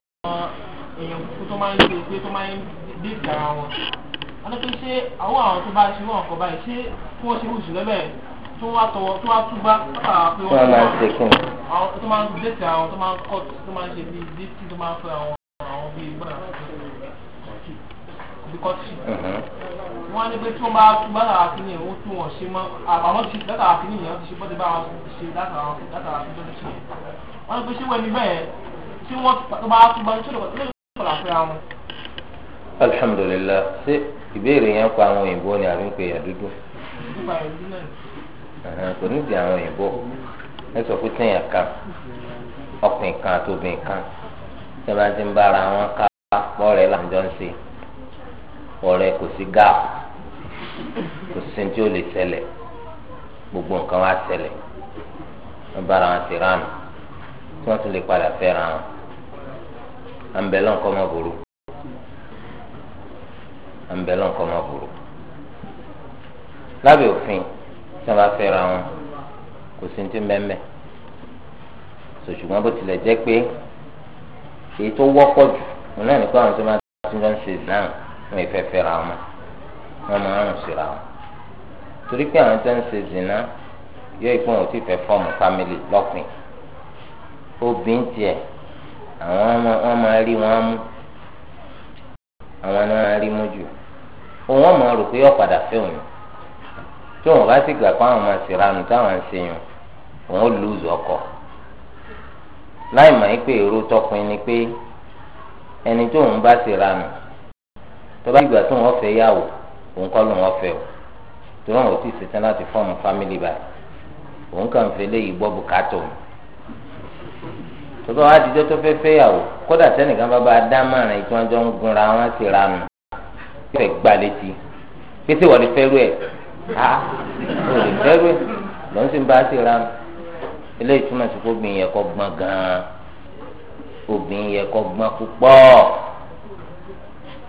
èèyàn kúkú tó máa ń ṣe pé tó máa ń dé ìdára wọn wọ́n ní pé ṣé àwọn àwọn tó bá ṣe wọ́n kọ báyìí ṣé kí wọ́n ṣe wùsùn lẹ́bẹ̀ tó wá tọwọ́ tó wá túbá pé wọ́n máa ń ṣe kí wọ́n tó máa ń dé ìdára wọn tó máa ń kọ́ tó máa ń ṣe bí dé tí tó máa ń fẹ́ àwọn àwọn bíi bọ́ọ̀lù àti bíkọ́tì wọ́n ní pé tí wọ́n bá tún bá tàrà kí ni òun tún wọ́n ṣe mọ́ àbámọ́ ti látara kí ni ìyẹn ti ṣe bọ́dé bá wọn ṣe látara látara kí ló ṣe wọ́n ní pé ṣé wọ́n ní bẹ́ẹ̀ tí wọ́n tó bá tún bá ṣé lè kọ́ lè fẹ́ra wọn. alhamdulilah ṣé ìbéèrè yẹn pa àwọn òyìnbó ni àbí ń pe àdúdú kò ní di àwọn òyìnbó ẹ sọ pé téèyàn kan ọkùnrin kan àti obìnrin kan tí wọ́n bá ti ń bára wọn ká ọ̀rẹ́ làǹjọ́ ń ṣe ọ̀rẹ́ kò sí gáàpù kò sí ní tí ó lè ṣẹlẹ̀ gbogbo nǹkan wá ṣẹlẹ̀ wọ́n bára wọn ti ránù tí wọ́n tún lè padà fẹ́ra wọn àǹbẹ̀lọ̀ nǹkan mọ̀ burú àǹbẹ̀lọ̀ nǹkan mọ̀ burú lábẹ́ òfin tí wọ́n bá fẹ́ra wọn kò sí ní tí mẹ́mẹ́ sòṣùgbọ́n bó tilẹ̀ jẹ́ pé èyí tó wọ́pọ̀ jù wọn náà ní kó àwọn tó máa ti ń ṣe náà wọn ìfẹ́ fẹ́ra wọn. wọn máa ń síra wọn torí pé àwọn tó ń ṣe zina yóò ipò wọn ò tí fẹ́ fọ́ọ̀mù fámìlì obìnrin tiẹ̀ àwọn wọn máa rí wọn mú àwọn ni wọn rí mú jù òun ọmọ rò pé ọ̀padà fẹ́ òun tí òun bá sì gbà pé àwọn máa táwọn ń ṣe òun ó ọkọ èrò ni pé ẹni tó òun kọ́ lòun ọ̀fẹ́ o tó wọn ò tí ì ṣetán láti fọ́ọ̀mù fámìlì báyìí òun kàn fẹ́ léyìí gbọ́ bùkátà òun tó bá wá dijọ́ tó fẹ́ fẹ́yàwó kódà tẹ́nìkan bá bá a dá márùn-ún tí wọ́n jọ ń gunra wọn sì ranù yóò fẹ́ gbà létí pété wọ́n lè fẹ́rù ẹ̀ ha wọ́n lè fẹ́rù ẹ̀ lọ́n sì ń bá a sì ranù eléyìí túmọ̀ sí kóbìnrin yẹ kó gbọ́n gan-an obìnrin yẹ kó gbọ́n púpọ̀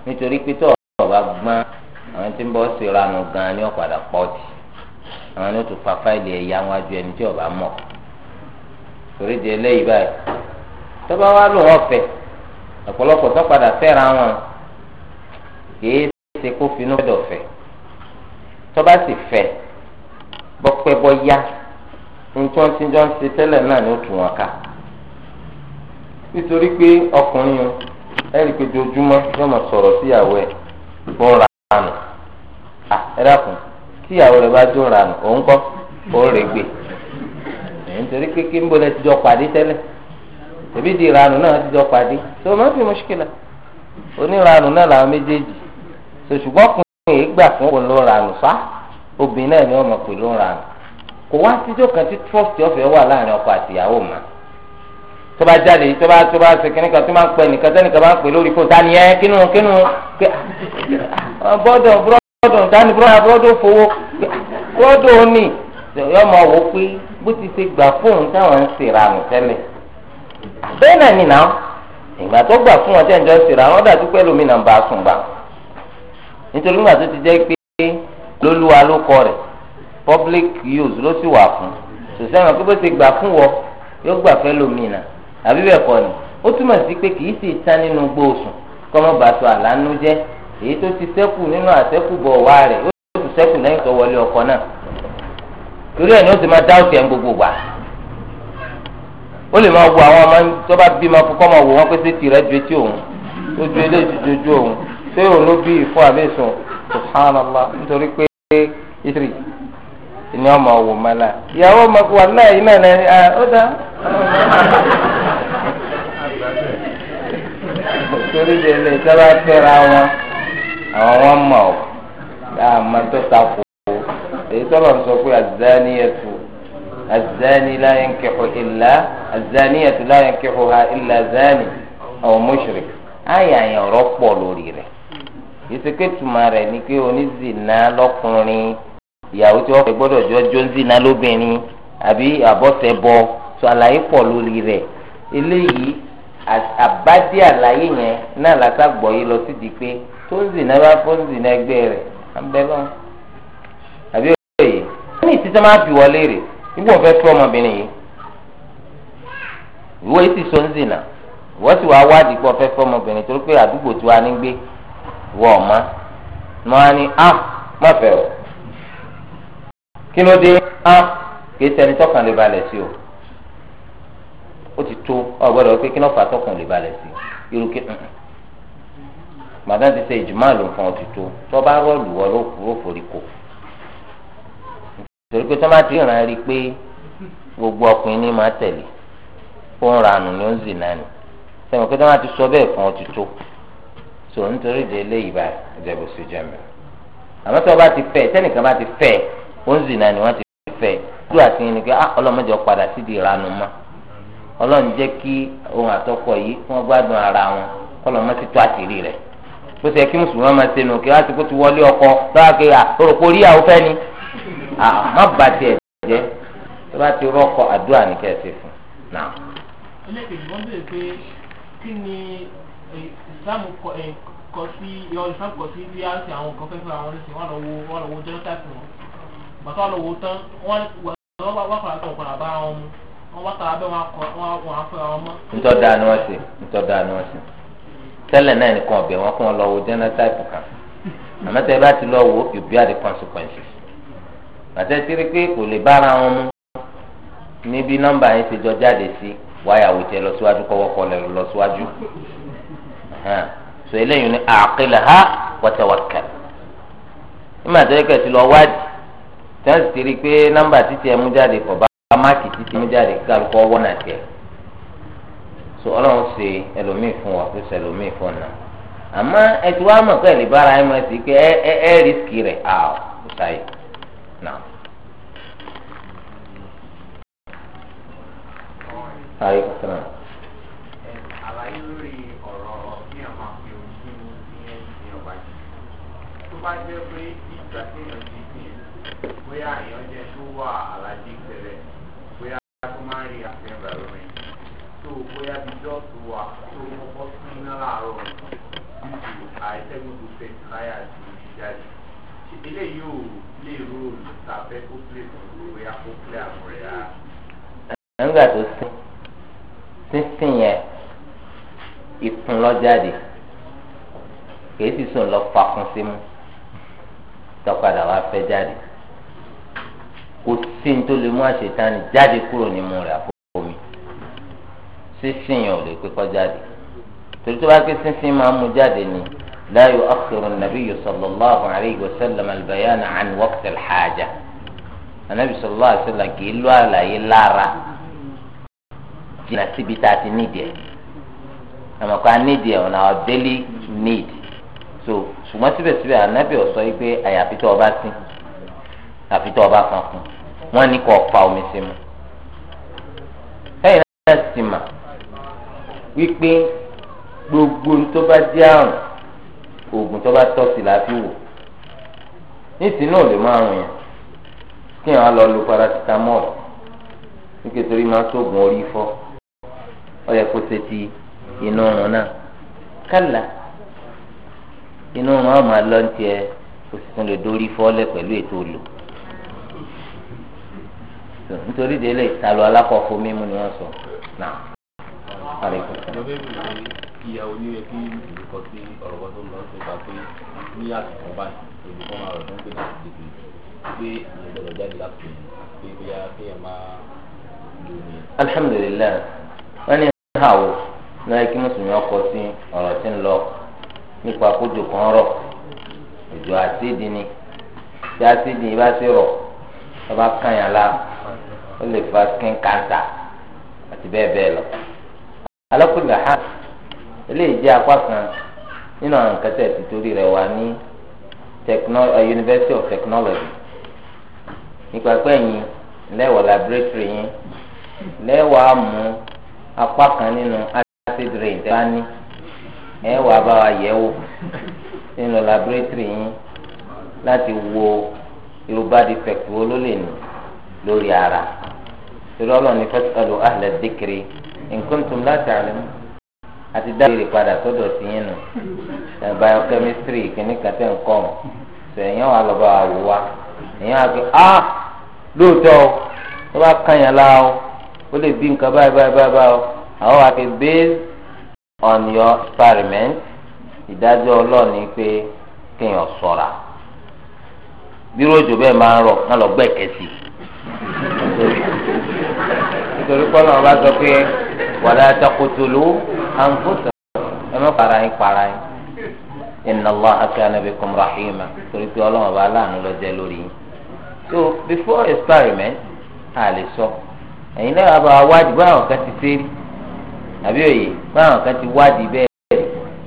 nítorí pé ọ̀rọ̀ bá gbọ́n. àwọn tí ń bọ́ sí ìranù gan ni wọ́n padà pọ̀ jù àwọn ẹ̀yà wájú ẹni tí ọba mọ̀ torí di eléyìí báyìí tọ́ba wa lò wọ́n fẹ́ ọ̀pọ̀lọpọ̀ tó padà fẹ́ra wọn kìí ṣe kó finú fẹ́dọ̀ fẹ́ tọ́ba sì fẹ́ bọ́pẹ́ bọ́yá tẹ́lẹ̀ náà a ah, dákun tíyàwó rẹ bá dùn rànù òun kọ́ rè gbé nítorí n pàdé tẹ́lẹ̀ tẹ̀bí di ìranù náà ti pàdé tó máa fi mọ́ṣíkìlà oníranù náà làwọn méjèèjì ṣùgbọ́n yìí fún òun ló ranù obìnrin náà ni wọ́n mọ̀ pé ló ranù kò wá síjọ́ kan wà láàrin àtìyàwó mà tó jáde tó bá tó bá bọ́dọ̀ dání bọ́dọ̀ bọ́dọ̀ fowó bọ́dọ̀ òní yọ máa wò pé bó ti ṣe gbà fóun táwọn ń ṣèrà nù tẹ́lẹ̀ bẹ́ẹ̀ náà nìyà ìgbà tó gbà fún ọjọ́ ìjọ ṣèrà wọn dàtú pẹ́ lómi a sùn gbà nítorí nígbà tó ti jẹ́ pé lólúwa ló kọ rẹ̀ public use ló sì wà fún sòsẹ́wọ̀n pé bó ti gbà fún wọ yóò gbà fẹ́ lómi nà àbí bẹ́ẹ̀ kọ́ ni ó túmọ̀ sí pé kì í sì tán nínú gbóòsùn kọ́mọ́ bàtọ́ àlánú jẹ́ èyí tó ti sẹ́kù nínú àsẹ́kùbọ̀ wá rẹ̀ ó ti sẹ́kù lẹ́yìn tó wọlé ọkọ náà torí ẹ̀ ní ó ti máa dáwọ́ tiẹ̀ ń gbogbo gbà ó lè máa wo àwọn ọmọ tó bá bí máa fọkọ́ máa wò wọ́n pé ṣé tìrẹ ju etí òun ó ju eléyìí ju ojú òun ṣé òun ló bí ìfọ́ àbẹ́sùn subhanallah nítorí pé ìtìrì ni ọmọ wò mọ́lá ìyàwó ọmọ kò wà náà yìí náà ẹ dá torí de lè sábà fẹ́ra wọn. àwọn wọn mọ̀ ọ́ dáa máa tó takò ó èyí tọ́lọ̀ ń sọ pé àzániyẹ̀tù àzání láyé ń ń ha ìlà zání àwọn mushrik àyà ọ̀rọ̀ pọ̀ lórí rẹ̀ ìsèké tuma rẹ̀ ni pé onízìnnà lọ́kùnrin ìyàwó tí wọ́n fẹ́ gbọ́dọ̀ jọ lóbìnrin àbí àbọ̀tẹ̀bọ tó àlàyé pọ̀ lórí rẹ̀ eléyìí àbádé àlàyé yẹn náà yìí lọ sí di pé tó ń zìnà bá kó ń zìnà ẹgbẹ́ rẹ̀ abẹ́lọ́ àbí òye yìí wọ́n ní ìtítọ́ máa fi wọlé rè nígbà wọ́n fẹ́ tó ọmọbìnrin yìí ìwọ yìí ti so ń zìnà wọ́n sì wá wádìí pé ọ̀fẹ́ fẹ́ ọmọbìnrin torí pé àdúgbò tí wàá ní gbé wọ ọ̀ma mọ́ á ní á ah, má fẹ́ o kí ló dé á ah, kì í ṣẹni tọkàn lè balẹ̀ sí o ó ti tó ọ̀gbọ́dọ̀ pé kí ló fà tọkàn lè balẹ̀ sí irú kí gbàdá ti ṣe ìjùmọ̀ ló fún ọ ti tó tó bá rọ́ọ̀lù wọ ló kúrò forí kò torí pé tó má ti ràn rí pé gbogbo ọkùnrin ní máa tẹ̀lé ó ń ranù ní ó ń zì náà ni sẹ́wọ̀n pé tó má ti sọ bẹ́ẹ̀ fún ọ ti tó so nítorí ìdí eléyìí báyìí ìjẹ́bù sí jẹ́mi àmọ́ tó bá ti fẹ́ tẹ́nìkan bá ti fẹ́ ó ń zì ni wọ́n ti fẹ́ dúró àti yín ni pé ah, ọlọ́mọdé padà sí di mọ́ ọlọ́run jẹ́ kí ohun àtọ́kọ yìí wọ́n gbádùn ara wọn kọ́lọ́mọ́ ti tó àṣírí rẹ̀ bó ṣe kí mùsùlùmí máa ṣe nù kí wọ́n ti kó ti wọlé ọkọ lọ́wọ́ kí àròkọ orí àwọn fẹ́ ni má bà tiẹ̀ jẹ́ tó bá ti rọ́kọ àdúrà ní kẹ́ ẹ ṣe fún náà. ẹlẹ́kẹ̀jì wọ́n béèrè pé kí ni ìsìlámù kọ sí ìyọ ìsìlámù kọ sí bí àti àwọn kan fẹ́ fún àwọn oníṣẹ́ wọn lọ wo wọn lọ wo jẹ́rọ́tàfì wọn bàtà wọn lọ wo tán wọn wá padà tó padà bá wọn mu wọn wá tàbí wọn akọ wọn àfẹ wọn mọ. ntọ́ da ni wọ́n ṣe ntọ́ da ni wọ́n ṣe tẹ́lẹ̀ náà nìkan ọ̀bẹ wọn kún ọ lọ wo genotype kan àmọ́ tẹ́ bá ti lọ wo ìbí àdé consequences àtẹ́ tí rí pé kò lè bára wọn mú níbi nọ́mbà yẹn ti jọ jáde sí wáyà wòtẹ́ lọ síwájú kọ́wọ́kọ́ lẹ̀ lọ síwájú so eléyìí ni àkìlẹ̀ ha wọ́tẹ̀wọ́tẹ̀ nígbà tó yẹ kẹ́ ti lọ wádìí tí wọ́n sì ti rí pé nọ́mbà títí ẹ̀ mú jáde kọ̀ bá máàkì títí mú jáde kí kálukọ́ wọ́n náà tiẹ̀. So ọlọ́run ṣe ẹlòmíì fún wa tó ṣe ẹlòmíì fún ọ̀nà àmọ́ ẹtù wa mọ̀ pé ẹ̀lìbára ẹ̀ máa ti kẹ́ ẹ ẹ ẹ rìsíkì rẹ̀ àwọ̀ ìtayé náà. ayé kọsán náà. àlàyé lórí ọ̀rọ̀ bí eléyìí ò lè ro tàbẹ́ kó lè ro ya kó lè àmúrẹ́ ya. nígbà tó sín sínsìn yẹn ìkun lọ jáde kìí sì sùn lọ fakun sí mu tọ́padà wá fẹ́ jáde kò sí ní tó lè mú àṣetánì jáde kúrò nímú rẹ̀ àfọwọ́mi sínsìn yẹn ò lè pé kọ́ jáde torí tó bá ké sínsìn máa mú jáde ni. لا يؤخر النبي صلى الله عليه وسلم البيان عن وقت الحاجة النبي صلى الله عليه وسلم kì í lọ àlàyé lára jìnnà síbi tá a ti nídìí ẹ̀ àmọ́ kó a nídìí ẹ̀ ọ̀nà our daily need so ṣùgbọ́n síbẹ̀síbẹ̀ ànábì ọ̀sọ́ yìí pé àyàfi tó ọba sí àfi tó ọba kan fún wọn ní kò fa omi sí mu ẹ̀yìn náà sì mà wípé gbogbo tó bá jẹ́ àrùn. oògùn tó bá tọ́ sí la fi wò nísìnyí náà le máa rùn yẹn kí àwọn lọ lu paracetamol nke torí máa sóògùn orí fọ ọ yẹ kó ṣe ti inú ọrùn náà kálá inú ọrùn àwọn máa lọ tiẹ kó sì tún lè dórí ètò òlò nítorí délé ìtàlù mímú ni sọ náà. wa pé ní àsìkò báyìí olùkọ́ máa rọ̀ tó ń pè ní àsìkò pé ìyẹn gbọ́dọ̀ jáde láti pè pé bóyá pé ẹ máa lò ní. alhamdulilayi wọn ní ìhàwó náà kí mùsùlùmí ọkọ sí ọ̀rọ̀ tí ń lọ nípa kójú kan rọ̀ òjò àtìdì ni tí àtìdì bá ti rọ̀ ẹ bá kàn yàn ó lè fa skin cancer àti bẹ́ẹ̀ bẹ́ẹ̀ lọ. alákùnrin àhán eléyìí jẹ́ apá kan. nínú àwọn nǹkan tẹ̀ ti torí rẹ̀ wá ní eh, University of Technology nípa pé ẹ̀yin lẹ́wọ̀ laboratory yín lẹ́wọ̀ á mú apá kan nínú acid rain tẹ́ bá ní ẹ̀wọ̀ á yẹ̀ wò nínú laboratory yín láti wo irú bá defect wo ló lè ní lórí ara torí ni ní fẹ́ sọ́dọ̀ ahlẹ̀ dhikri in kuntum la ta'lamun. àti dá ìrè padà sọ́dọ̀ sí yín nù biochemistry kìíní kàtẹ́ nǹkan sẹ̀yìn wà lọ́ba àwò wa èyàn àgbẹ̀ á lóòótọ́ ó bá kàyàn lá o ó lè bí nǹkan báyìí báyìí báyìí báyìí àwọn àti based on your experiment ìdájọ́ ọlọ́ọ̀ni pé kéèyàn sọ̀ra bí ròjò bẹ́ẹ̀ máa ń rọ̀ náà lọ gbẹ̀kẹ́ sí i nítorí pọ́nà ọba sọ pé wàlá takotolo àǹfóso ẹ má para yín para yín inna Allaha kana bikum rahima torí pé ọlọ́run ọba aláàánú ló jẹ́ lórí yín so before experiment a lè sọ ẹ̀yin náà wàá bá wa wádìí báwọn kan ti ṣe rí àbí òye báwọn kan ti wádìí bẹ́ẹ̀ rí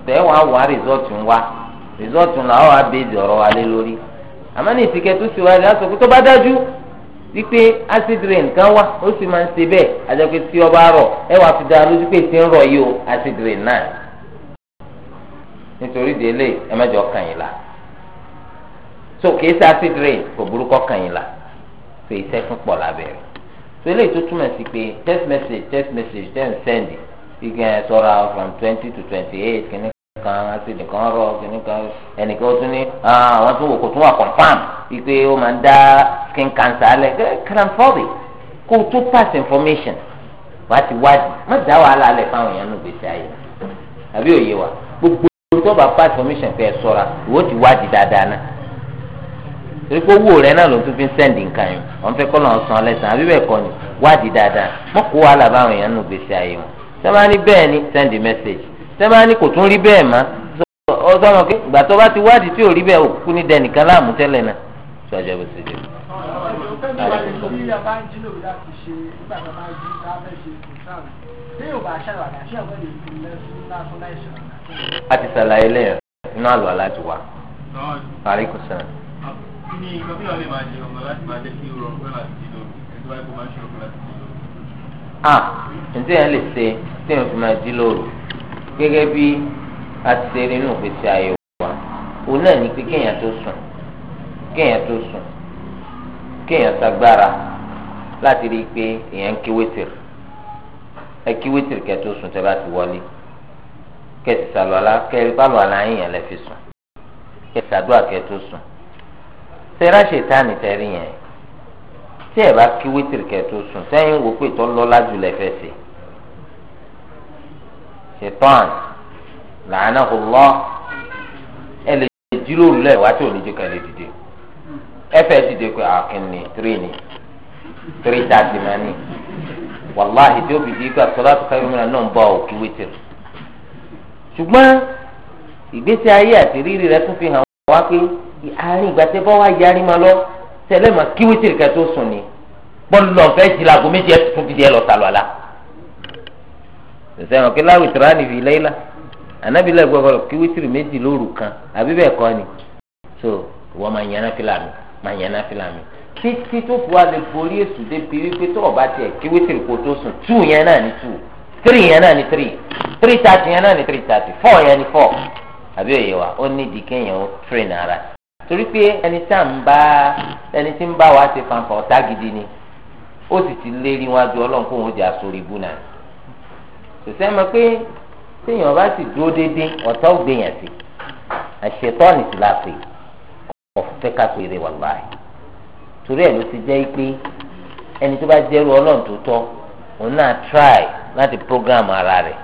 tẹ́ wàá wá rìsọ́ọ̀tù ń wá rìsọ́ọ̀tù làwọn wàá bèèdì ọ̀rọ̀ wa lé lórí àmọ́ ní ìsìnkẹ́ tó ṣe wáyé lásìkò tó bá dájú wípé acid rain kan wá ó sì máa ń ṣe bẹ́ẹ̀ àjẹpẹ́ tí ọba rọ̀ ẹ wàá fi dáa lójú pé tí ń rọ̀ yìí o acid rain náà nítorí délé ẹ mẹ́jọ kàn yín la so kìí ṣe acid rain kò burúkọ kàn yín la so iṣẹ́ tún pọ̀ lábẹ́rẹ́ so eléyìí tó túmọ̀ sí pé text message text message ten send igi ẹ sọ́ra from twenty to twenty eight kìíní kan àti nìkan rọ nìkan ẹnìkan ó tún ní ah, àwọn tó wò kó tún wà confam wípé ó máa ń dá skin cancer lẹ kẹrànfọ́bì kó o tó pass information wà á ti wádìí má dá wàhálà lẹ fáwọn èèyàn nù gbèsè ayé àbí òye wa gbogbo tó bá pass information fẹ́ sọ́ra ìwọ ti wádìí dáadáa náà torí pé owó rẹ náà ló tún fi ń sẹ́ndì nǹkan yìí wọ́n fẹ́ kọ́ lọ́n san lẹ́sàn àbí bẹ́ẹ̀ kọ́ ni wádìí dáadáa mọ́ kó wàhálà báwọn èèyàn nù gbèsè ayé wọn sábà ní bẹ́ẹ̀ ni send the message tẹ́lẹ̀ ní kò tún rí bẹ́ẹ̀ mọ́ ọ sọmọ pé ìgbà tó bá ti wádìí tí ò rí bẹ́ẹ̀ òkú ní dẹnìkan láàmú tẹ́lẹ̀ náà tó a jẹ́ bó ṣe jẹ́. a ti sàlàyé lẹ́yìn inú àlọ́ aláti wá. parí kò sàn. kí ni nǹkan bí wàá lè máa ǹjẹ́ yẹn lè ṣe tí èèyàn fi máa dín lóru gẹ́gẹ́ bí àtẹ̀rẹ́ nù gbèsè ayé wa òun náà ní pé kéèyàn tó sùn kéèyàn tó sùn kéèyàn sagbára láti rí i pé èèyàn ń kí wétìrì ẹ kí wétìrì kẹ́ tó sùn tẹ́ bá ti wọlé kẹ́sì sàlù àlá kẹ́rì bá lù àlá yìnyín lẹ́ fi sùn kẹ́sì sàdúrà kẹ́ tó sùn tẹ́rà ṣètánì tẹ́rì yẹn tí ẹ bá kí wétìrì tó sùn sẹ́yìn wò pé tó lọ́lá jù lẹ́fẹ̀ẹ́ sí i ṣetán làánà ọlọ ẹ lè jíròrò lẹ wá tí ò ní jẹ ká lè dìde ẹ fẹ́ dìde pé àkínní ah, tírì ni tírì tààtì máa ní wàláhì tí ó fi di ikú àtọ́lá tó káyọ̀ mìíràn náà ń bọ̀ òkú wítìrì ṣùgbọ́n ìgbésí ayé àti rírì rẹ tún fi hàn wá pé àárín ìgbà tẹ́ bọ́ wá yarí máa lọ tẹ́lẹ̀ máa kí wítìrì kẹ́ tó sùn ni bọ́ọ̀lù lọ́ọ̀fẹ́ jìlá ago méjì ẹ̀ tuntun ti di ẹ lọ sàlọ́ àlá sẹ́wọ̀n kí láwùjọ rà níbi lẹ́yìnlá ànábì lẹ́gbẹ́ ọ̀rọ̀ kí wítìrì méjì lóru kan àbí bẹ́ẹ̀ kọ́ ni so wọ́n máa yànnà fìlà mi máa yànnà fìlà mi títí tó fi wá lè borí èsù débi wípé tó ọba tiẹ̀ kí wítìrì kò tó sùn two yẹn náà ni two three yẹn náà ni three three thirty yẹn náà ni three thirty four yẹn ni four àbí òye wa ó ní ìdí kéèyàn ó train ara torí pé ẹni tá à ń bá ẹni tí ń bá wa ṣe fanfa ọ̀tá gidi ni ó sì ti lérí wájú ọlọ́run kóun ó jẹ́ àsorí ibú náà sòsẹ́ mọ̀ pé téèyàn bá sì dúró déédéé ọ̀tọ́ gbìyàn sí àṣetọ́ni sì la pè ọ̀fẹ́ ká péré wà láàyè torí ẹ̀ ló ti jẹ́ pé ẹni tó bá jẹ́rú ọlọ́run tó tọ́ òun náà try láti program ara rẹ̀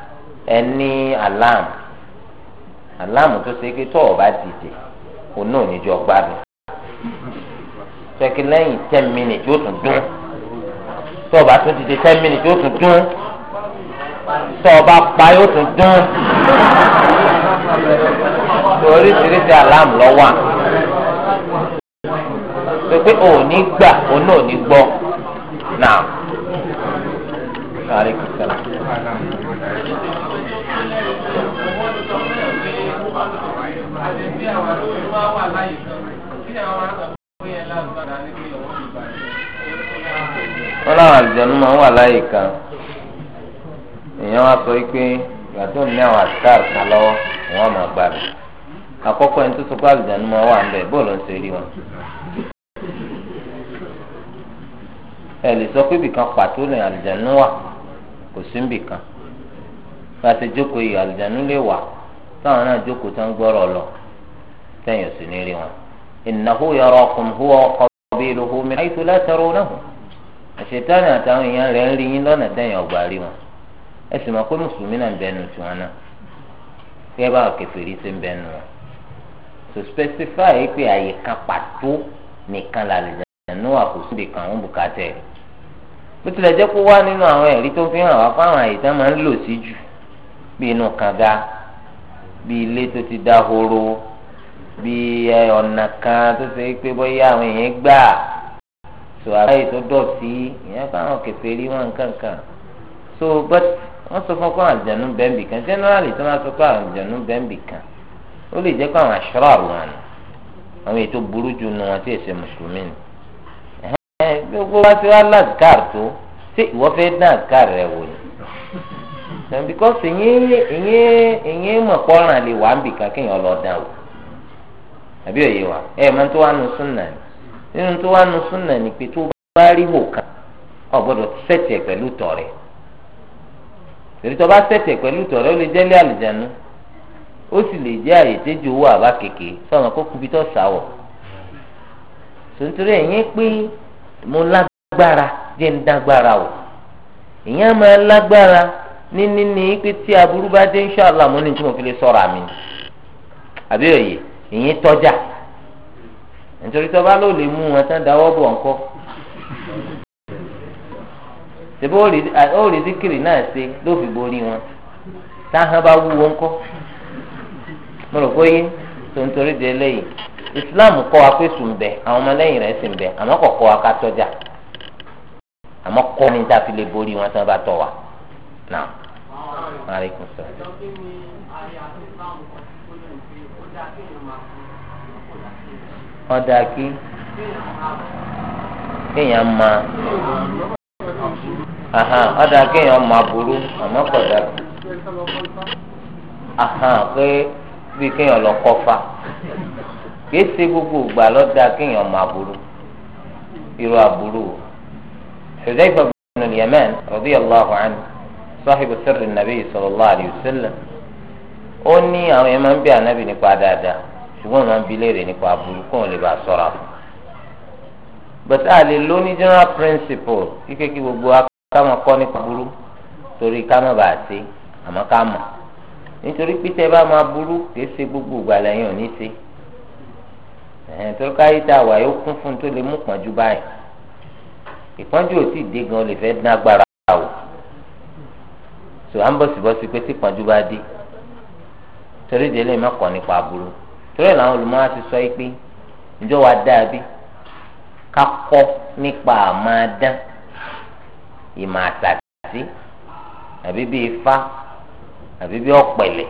ẹ ní alarm alarm tó ṣe pé tọ́ ọ̀ bá dìde òun náà níjọ gbádùn ṣẹ́kí lẹ́yìn ten minutes yóò tún dún tọ́ ọ̀ bá tún dìde ten minutes yóò tún dún tọ́ ọ bá pa yóò tún dún oríṣiríṣi alam lọ wà pé pé o ò ní gbà o náà ò ní gbọ́ náà. wọ́n láwọn àlùjọ́nù máa ń wà láyé kan. èèyàn wá sọ pé ìgbà tó ní àwọn àtàr kan lọ́wọ́ wọn máa gbà bẹ̀ àkọ́kọ́ ẹni tó sọ pé wà ń bẹ̀ ń ṣe rí wọn. ẹ lè sọ pé ibìkan pàtó lè àlùjánu wà kò sí ibìkan bá a ti jókòó yìí lè wà táwọn náà jókòó tó ń gbọ́rọ̀ lọ sẹ́yìn ní rí wọn. ẹ sì mọ̀ pé mùsùlùmí náà ń bẹnu tiwọn náà kẹ́ bá kèfèrí ṣe ń bẹnu wọn so specify pé àyè kan pàtó nìkan làlùjánu àkóso kan ń bùkátà ẹ̀ bó tilẹ̀ jẹ́ kó wá nínú àwọn ẹ̀rí tó fi hàn wá fáwọn àyè tán máa ń lò sí jù bí inú kànga bí ilé tó ti dá horo bí ọ̀nà kan tó ṣe pé bóyá àwọn èèyàn gbà so àbáyé tó dọ̀tí ìyẹn fáwọn kèfèrí wọn kankan so but. wọ́n sọ fún ọ pé àwọn àjànú bẹ́ẹ̀nbì kan generally tí wọ́n sọ pé àwọn àjànú bẹ́ẹ̀nbì kan ó lè jẹ́ pé àwọn aṣọ́rọ̀ àwọn àná àwọn ètò burú jù nù wọn tí èsè mùsùlùmí ni. gbogbo wa ti wá láàdìkàr tó ṣé ìwọ fẹ́ dán àdìkàr ni. lè wà kan kéèyàn lọ dán o àbí òye wa ẹ mọ tó wà nù súnà ni nínú tó súnà torí bá tẹ̀tẹ̀ pẹ̀lú tọ̀rẹ́ ó lè jẹ́ lé àlùjánu ó sì lè jẹ́ àyè tẹ́jú owó àbá kéke sọ̀rọ̀ pé mo lágbára jẹ́ ń dágbára o ìyẹn máa lágbára níní pé tí aburú bá dé inṣàlá mo ní tí mo fi lè sọ̀rọ̀ àmì àbí òye ìyẹn tọ́jà nítorí tó bá lò lè mú ebe ó rí zikiri náà ṣe ló fi borí wọn táhàn bá wúwo ńkọ́ mo rò bóyá tó ń islam kọ́ wa pé sùn bẹ̀ àwọn ọmọlẹ́yìn rẹ̀ sì ń bẹ̀ àmọ́ kọ̀ kọ́ wa ká tọ́jà àmọ́ kọ́ ni tá a fi lè borí wọn tí wọ́n bá tọ̀ wá náà maaleykum ọ̀dà kéèyàn máa burú àmọ́ kò dàbí pé bí kéèyàn lọ kọ́fà kìí ṣe gbogbo ìgbà lọ́dà kéèyàn máa burú irú àbúrò Hudhayfa ibn al-Yaman radiyallahu anhu sahibu sirri nabi sallallahu alayhi wa sallam ó ní àwọn yẹn máa ń bí ànábì nípa dáadáa ṣùgbọ́n máa ń bi léèrè nípa àbúrò kóun lè bá a sọ̀rọ̀ àbúrò but general principle kíkẹ́ kí gbogbo káwọn kọ́ nípa burú torí ká má bàa ṣe àmọ́ ká mọ̀ nítorí pété bá máa burú kìí ṣe gbogbo ìgbà lẹ́yìn òní ṣe ẹ̀hìn tó káyé tá a wà yóò kún fún tó lè mú pọ́njú báyìí ìpọ́njú ò tí ì dé gan lè fẹ́ dín agbára wò tò à ń bọ̀sibọ̀si pé tí pọ́njú bá dé torí délé má kọ́ nípa aburú torí làwọn olùmọ̀ á ti sọ yìí pé ǹjọ́ wa dáa bí ká kọ́ nípa àmọ́ adán ìmọ̀ àtàtì àbí bí ifá àbí bí ọ̀pẹ̀lẹ̀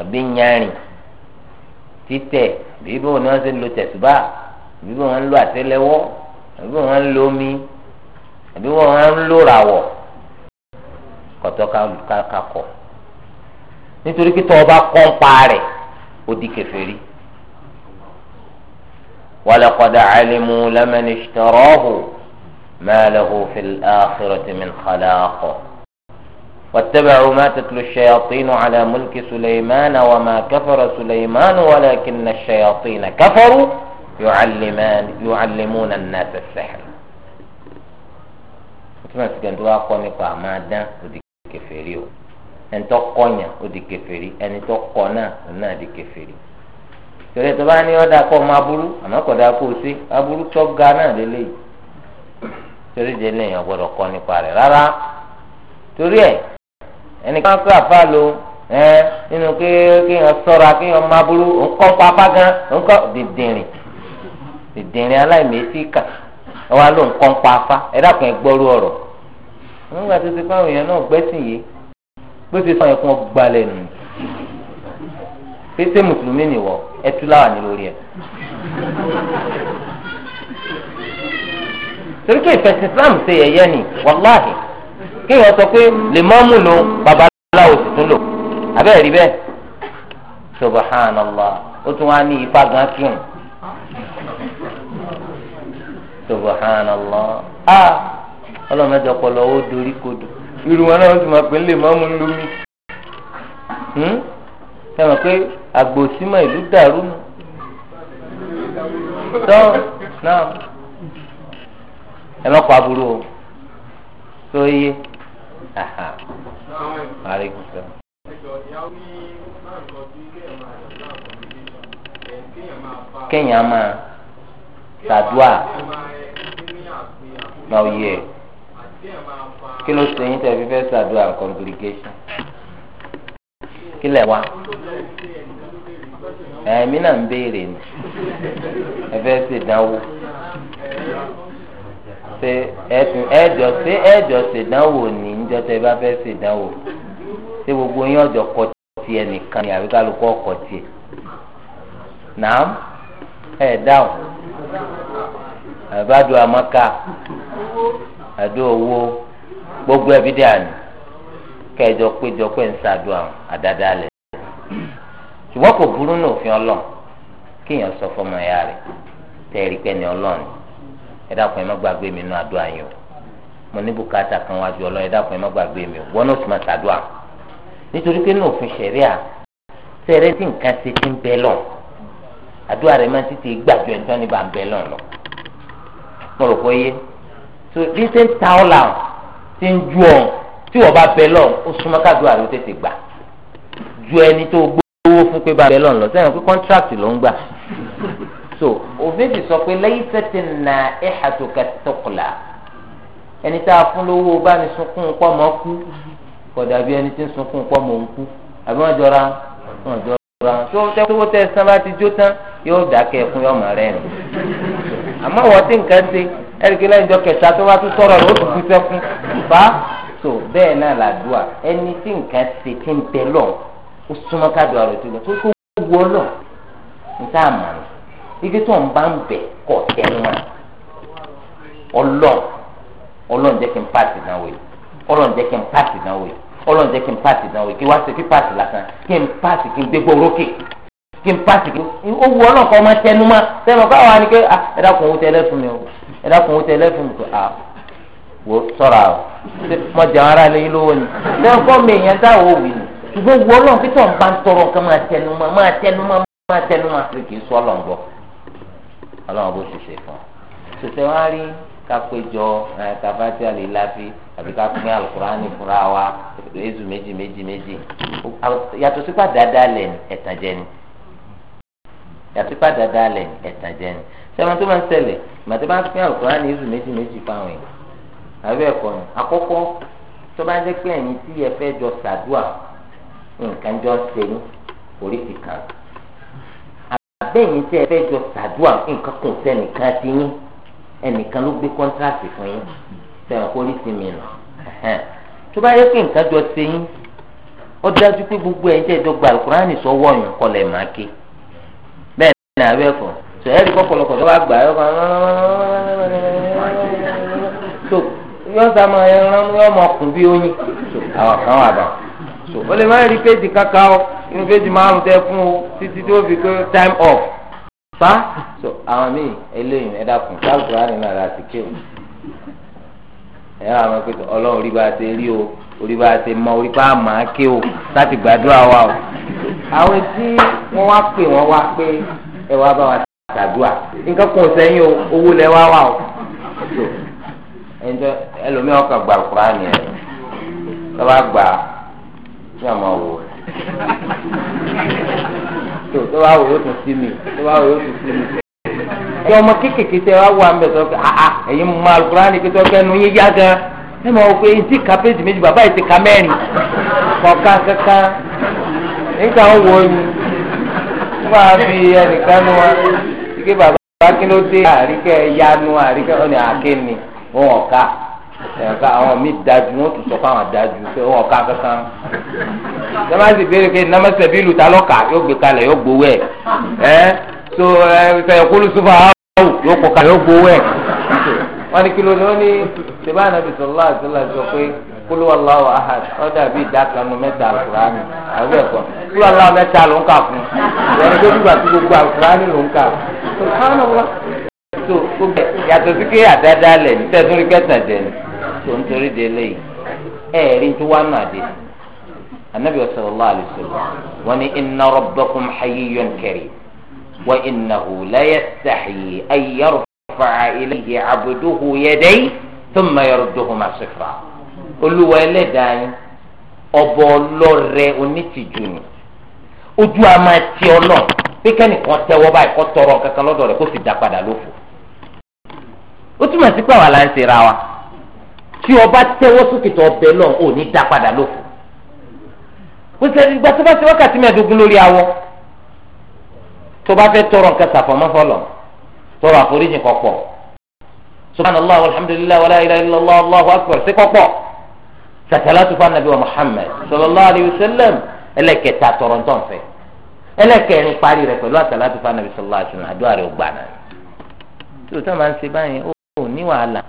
àbí nyarin títẹ̀ àbí bí wọn ni wọn ṣe ń lo tẹ̀sùbà àbí bí wọn ń lo àtẹ́lẹwọ́ àbí bí wọn ń lo omi àbí wọn lo ràwọ̀ kọ̀tọ́ kakọ̀ nítorí pé tọ́wọ́ bá kọ́ ń pa rẹ̀ ó di kèfèrí. ولقد علموا لمن اشتراه ما له في الآخرة من خلاق واتبعوا ما تتلو الشياطين على ملك سليمان وما كفر سليمان ولكن الشياطين كفروا يعلمان يعلمون الناس السحر túmọ̀ sí kẹ́ńtì wá kọ́ nípa àmọ́ adán ó di kèfèrí o ẹni tó kọ́yàn ó di kèfèrí ẹni tó kọ́ náà ó náà di kèfèrí tẹ̀lé tó bá ní ọ̀dà kọ́ máa burú àmọ́ kọ̀dà kó o sí aburú tó ga náà lélẹ́yìí. torí de lè yàn gbọ́dọ̀ kọ́ nípa rẹ̀ rárá torí ẹ̀ ẹnìkan kó àfa lo ẹ nínú kí yàn ṣọ́ra kí yàn má burú nǹkan pa apá gan nǹkan dìndìnrìn dìndìnrìn aláìmẹsì kà ẹ wá ló nǹkan pa apá ẹ dákun ẹ gbọ́rú ọ̀rọ̀ nígbà tó ti fáwọn èèyàn náà gbẹ́sìn yìí bó ti sọ yẹn kó gbalẹ̀ nù pété mùsùlùmí nìwọ ẹ tú ní lórí ẹ torí pé ìfẹsẹ̀ islam ṣe yẹ̀yẹ́ ni wàláhì kéèyàn sọ pé lè má mú lo babaláwo sì tún lò abẹ́rẹ́ rí bẹ́ẹ̀ subhanallah ó tún wá ní ipá gan kíun subhanallah ah ọlọ́mọdé ọpọlọ ó dorí kodò irun wọn náà sì máa pè é lè má mú lómi ẹ mọ̀ pé àgbòsímọ̀ ìlú dàrú nù tán náà ẹ má kọ aburú o tó yé aleykum salaam. kéèyàn máa ṣàdúà náà yẹ kí ló ṣe yín tẹ̀sí fẹ́ ṣàdúà congregation kí lẹ̀ wá ẹ̀mí náà ń béèrè ẹ fẹ́ ṣèdánwò. ṣe ẹtù ẹjọ ṣe ẹjọ ṣèdánwò ní níjọ tẹ bá fẹ́ ṣèdánwò gbogbo yín ọjọ kọ tiẹ̀ nìkan ni àbí kálukú ọkọ tiẹ̀ nàám ẹ dáhùn àbádọ àmọká àdó owó gbogbo ẹbí dà ní kẹjọ péjọ pé ń ṣàdó àwọn àdáda lẹ ṣùgbọ́n kò burú ní òfin Ọlọ́run kéèyàn sọ fọmọ ẹ̀yà rẹ̀ tẹ̀rí pẹ́ ní Ọlọ́run. ẹ dákun ẹ má gbàgbé mi nínú àdúrà yín o mo ní bùkátà kan wájú ọlọ́run ẹ dákun má gbàgbé mi o wọn náà sì máa ṣàdúrà nítorí pé náà òfin ṣẹ̀ríà sẹ̀rẹ̀ tí nǹkan ṣe ti ń bẹ lọ àdúrà rẹ máa ti ti gbàjọ ẹ̀ńtọ́ ní bá ń bẹ lọ lọ mo rò pé yé so recent town land ti ń ju ọ̀hún tí wọ́n bá bẹ lọ ó súnmọ́ kádùá rẹ ó tètè gbà ju ẹni tó gbówó fún pé bá bẹ lọ lọ so òfin ti sọ pé lẹ́yìn tẹ́tí na ẹ̀hàtò kẹtọ́kùlà ẹni tá a fún lówó bá mi sunkún pọ́ mọ́ kú kódà bí ẹni tí ń sunkún pọ́ mọ́ ń kú àbí wọ́n jọra wọ́n jọra tó tẹ́wọ́ tẹ́ san bá ti jó tán yóò dákẹ́ fún yọmọ rẹ̀ nù àmọ́ wọ́n ti nǹkan ṣe ẹ̀ríkì lẹ́yìn jọ kẹta tó bá tún sọ̀rọ̀ ló tún kú sẹ́kún bá so bẹ́ẹ̀ náà làdúà ẹni tí nǹkan ṣe ti ń bẹ lọ ó súnmọ́ ká do àròjù lọ tó kó wọ́ lọ níta àmàlù igi tó ń bá ń bẹ̀ kọ̀ tẹnumọ́ ọlọ́ọ̀ ọlọ́ọ̀ jẹ́ kí n pàṣẹ náà wẹ̀ ọlọ́ọ̀ jẹ́ kí n pàṣẹ náà wẹ̀ ọlọ́ọ̀ jẹ́ kí n pàṣẹ náà wẹ̀ kí wá sí kí pàṣẹ lásán kí n pàṣẹ kí n gbégbó orókè kí n pàṣẹ kí n ó wu ọlọ́ọ̀ kọ́ ọmọ tẹnumọ́ sẹ́wọ̀n káwọn á ní kí ẹ dákun owó fún mi o ẹ dákun owó fún mi o à wò sọ̀rọ̀ àwọ̀ mọ jẹ́ ara lé yín lówó ni sẹ́wọ̀n kọ́ mi èèyàn dá òwò wì ní ṣùgbọ́n wu ọlọ́ọ̀ kí tó ń bá ń tọrọ nǹkan máa tẹnumọ́ máa tẹnumọ́ máa tẹnumọ́ àti kì í sọ ọlọ́ọ̀ gbọ́ ọlọ́run bó ṣe ṣe fún ọ. ṣùṣe wá rí kápéjọ kábàtì àlélábí àbí kápẹ́ alukurani fúnra wa èzù méjì méjì méjì yàtọ̀ sípà dáadáa lẹ̀ ẹ̀tàn jẹ ni yàtọ̀ sípà dáadáa lẹ̀ ẹ̀tàn jẹ ni sẹ́wọ́n tó máa ń ṣẹlẹ̀ màtí bá pín alukurani èzù méjì méjì fáwọn èèyàn àbí ẹ̀kọ́ ni àkọ́kọ́ tó bá jẹ́ pé ẹ̀yin tí ẹ fẹ́ jọ ṣàdúà nǹkan jọ ṣe ní oríkì kan àtẹ̀yìn tẹ́ ẹ fẹ́ jọ sàdúà nǹkan kùn sẹ́nìkan ti yín ẹnìkan ló gbé kọ́ńtráàtì fún yín sẹ́wọ̀n kórì sí mi nù tó bá yẹ kí nǹkan jọ ṣe yín ó dájú pé gbogbo ẹ̀yin tẹ́ ẹ jọ gba alukurani sọ́wọ́ yín kọ́ máa ké bẹ́ẹ̀ ni àwẹ̀ fún sọ ẹ̀rí kọ́kọ́lọ́kọ́ tó bá gbà yọ kan so yọ sá máa yọ ọmọkùnrin bí oyin so àwọn kan wà bá so lè má rí péjì kankan o inú péjì márùn tẹ fún o títí tí ó fi pé time off fa so àwọn míì eléyìí ẹ dákun sáàlùkùrá nínú ara àti kéwù ẹ wà máa pé ọlọ́run orí bá a ṣe rí o orí bá a ṣe mọ orí bá a máa ké o láti gbàdúrà wa o àwọn tí wọ́n wá pè wọ́n wá pé ẹ wá bá wa ṣàdúrà nǹkan kan sẹ́yìn o owó lẹ wá wà o ẹnjọ ẹlòmíràn kan gba àlùkùrá nìyẹn lọ́wọ́ àgbà ní àmọ́ wò ó. tó tó bá wò ó tún sí mi tó bá wò ó tún sí mi ọmọ kéékèèké tẹ wá wọ àmì ẹ̀sọ́ pé àà ẹ̀yin mọ alukóra ni pé nu gan ẹ máa wọ pé ntí bàbá yìí ka mẹ́rin kọ̀ọ̀kan kankan nígbà ẹ̀ka àwọn mi dájú wọn tún sọ fún àwọn dájú pé wọn ká kankan sọmásì béèrè pé nàmẹsẹ bílù ta lọ́kà yóò gbé kalẹ̀ yóò gbowó ẹ̀ ẹ́ so ẹ fẹ̀yẹ̀ kúlù sùfà áwù yóò kọ kalẹ̀ yóò gbowó ẹ̀ wọ́n ní kílódé wọ́n sèbá sọ pé kúlù àlùkùránì àwọn kúlù ló ń kà fún dùgbà tó gbogbo àlùkùránì ló ń kà tó ń torí de lé ẹ̀ẹ́rì tó wá náà dé anabi sallallahu alaihi wasallam wọn ni inna rabbakum hayyun karim wa innahu la yastahyi an yarfa'a ilayhi abduhu yadayhi thumma yarudduhuma sifra olúwa ẹlẹ́dàá yín ọ̀bọ ọlọ́rẹ onítìjú ni ojú a máa ti ọlọ́ọ̀ pé kẹ́nìkan tẹ́wọ́ báyìí kó tọrọ kankan lọ́dọ̀ rẹ̀ kó sì dá padà lófo ó túmọ̀ sí pé àwa là ń ṣe ra wa tí ọba tẹ́wọ́ sókè tó ọbẹ̀ náà ò ní dá padà lófo kò sẹ́ni ìgbà tó bá ti wákàtí mẹ́ẹ̀ẹ́dógún lórí awọ tó bá fẹ́ tọrọ nǹkan sàfọ̀mọ́ fọlọ̀ tọrọ àforíjì kọ̀pọ̀ subhanallah alhamdulilayi wàlá ilaha illallah allahu akbar sí kọ̀pọ̀ sàtàlátù fún anabi wa muhammad sallallahu alayhi wa sallam ẹlẹ́kẹta tọrọ ntọ́nfẹ́ ẹlẹ́kẹrin parí rẹ̀ pẹ̀lú àtàlátù fún anabi sallallahu alayhi wa sallam àdúrà rẹ̀ ó gbà náà tí tó máa ń ṣe báyìí ó ní wàhálà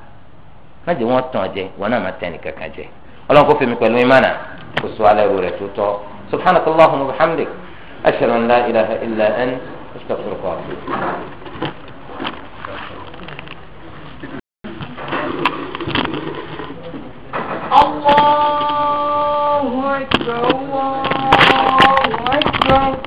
má jẹ́ wọ́n tàn jẹ wọn náà má tẹ́ nìkan kan jẹ ọlọ́run kò fẹ́mi pẹ̀lú ìmánà kò sọ alẹ́ ro rẹ̀ tó tọ́ subhanak allahumma wa bihamdik ashhadu an la ilaha illa ant astaghfiruka wa atubu ilayk. الله أكبر الله أكبر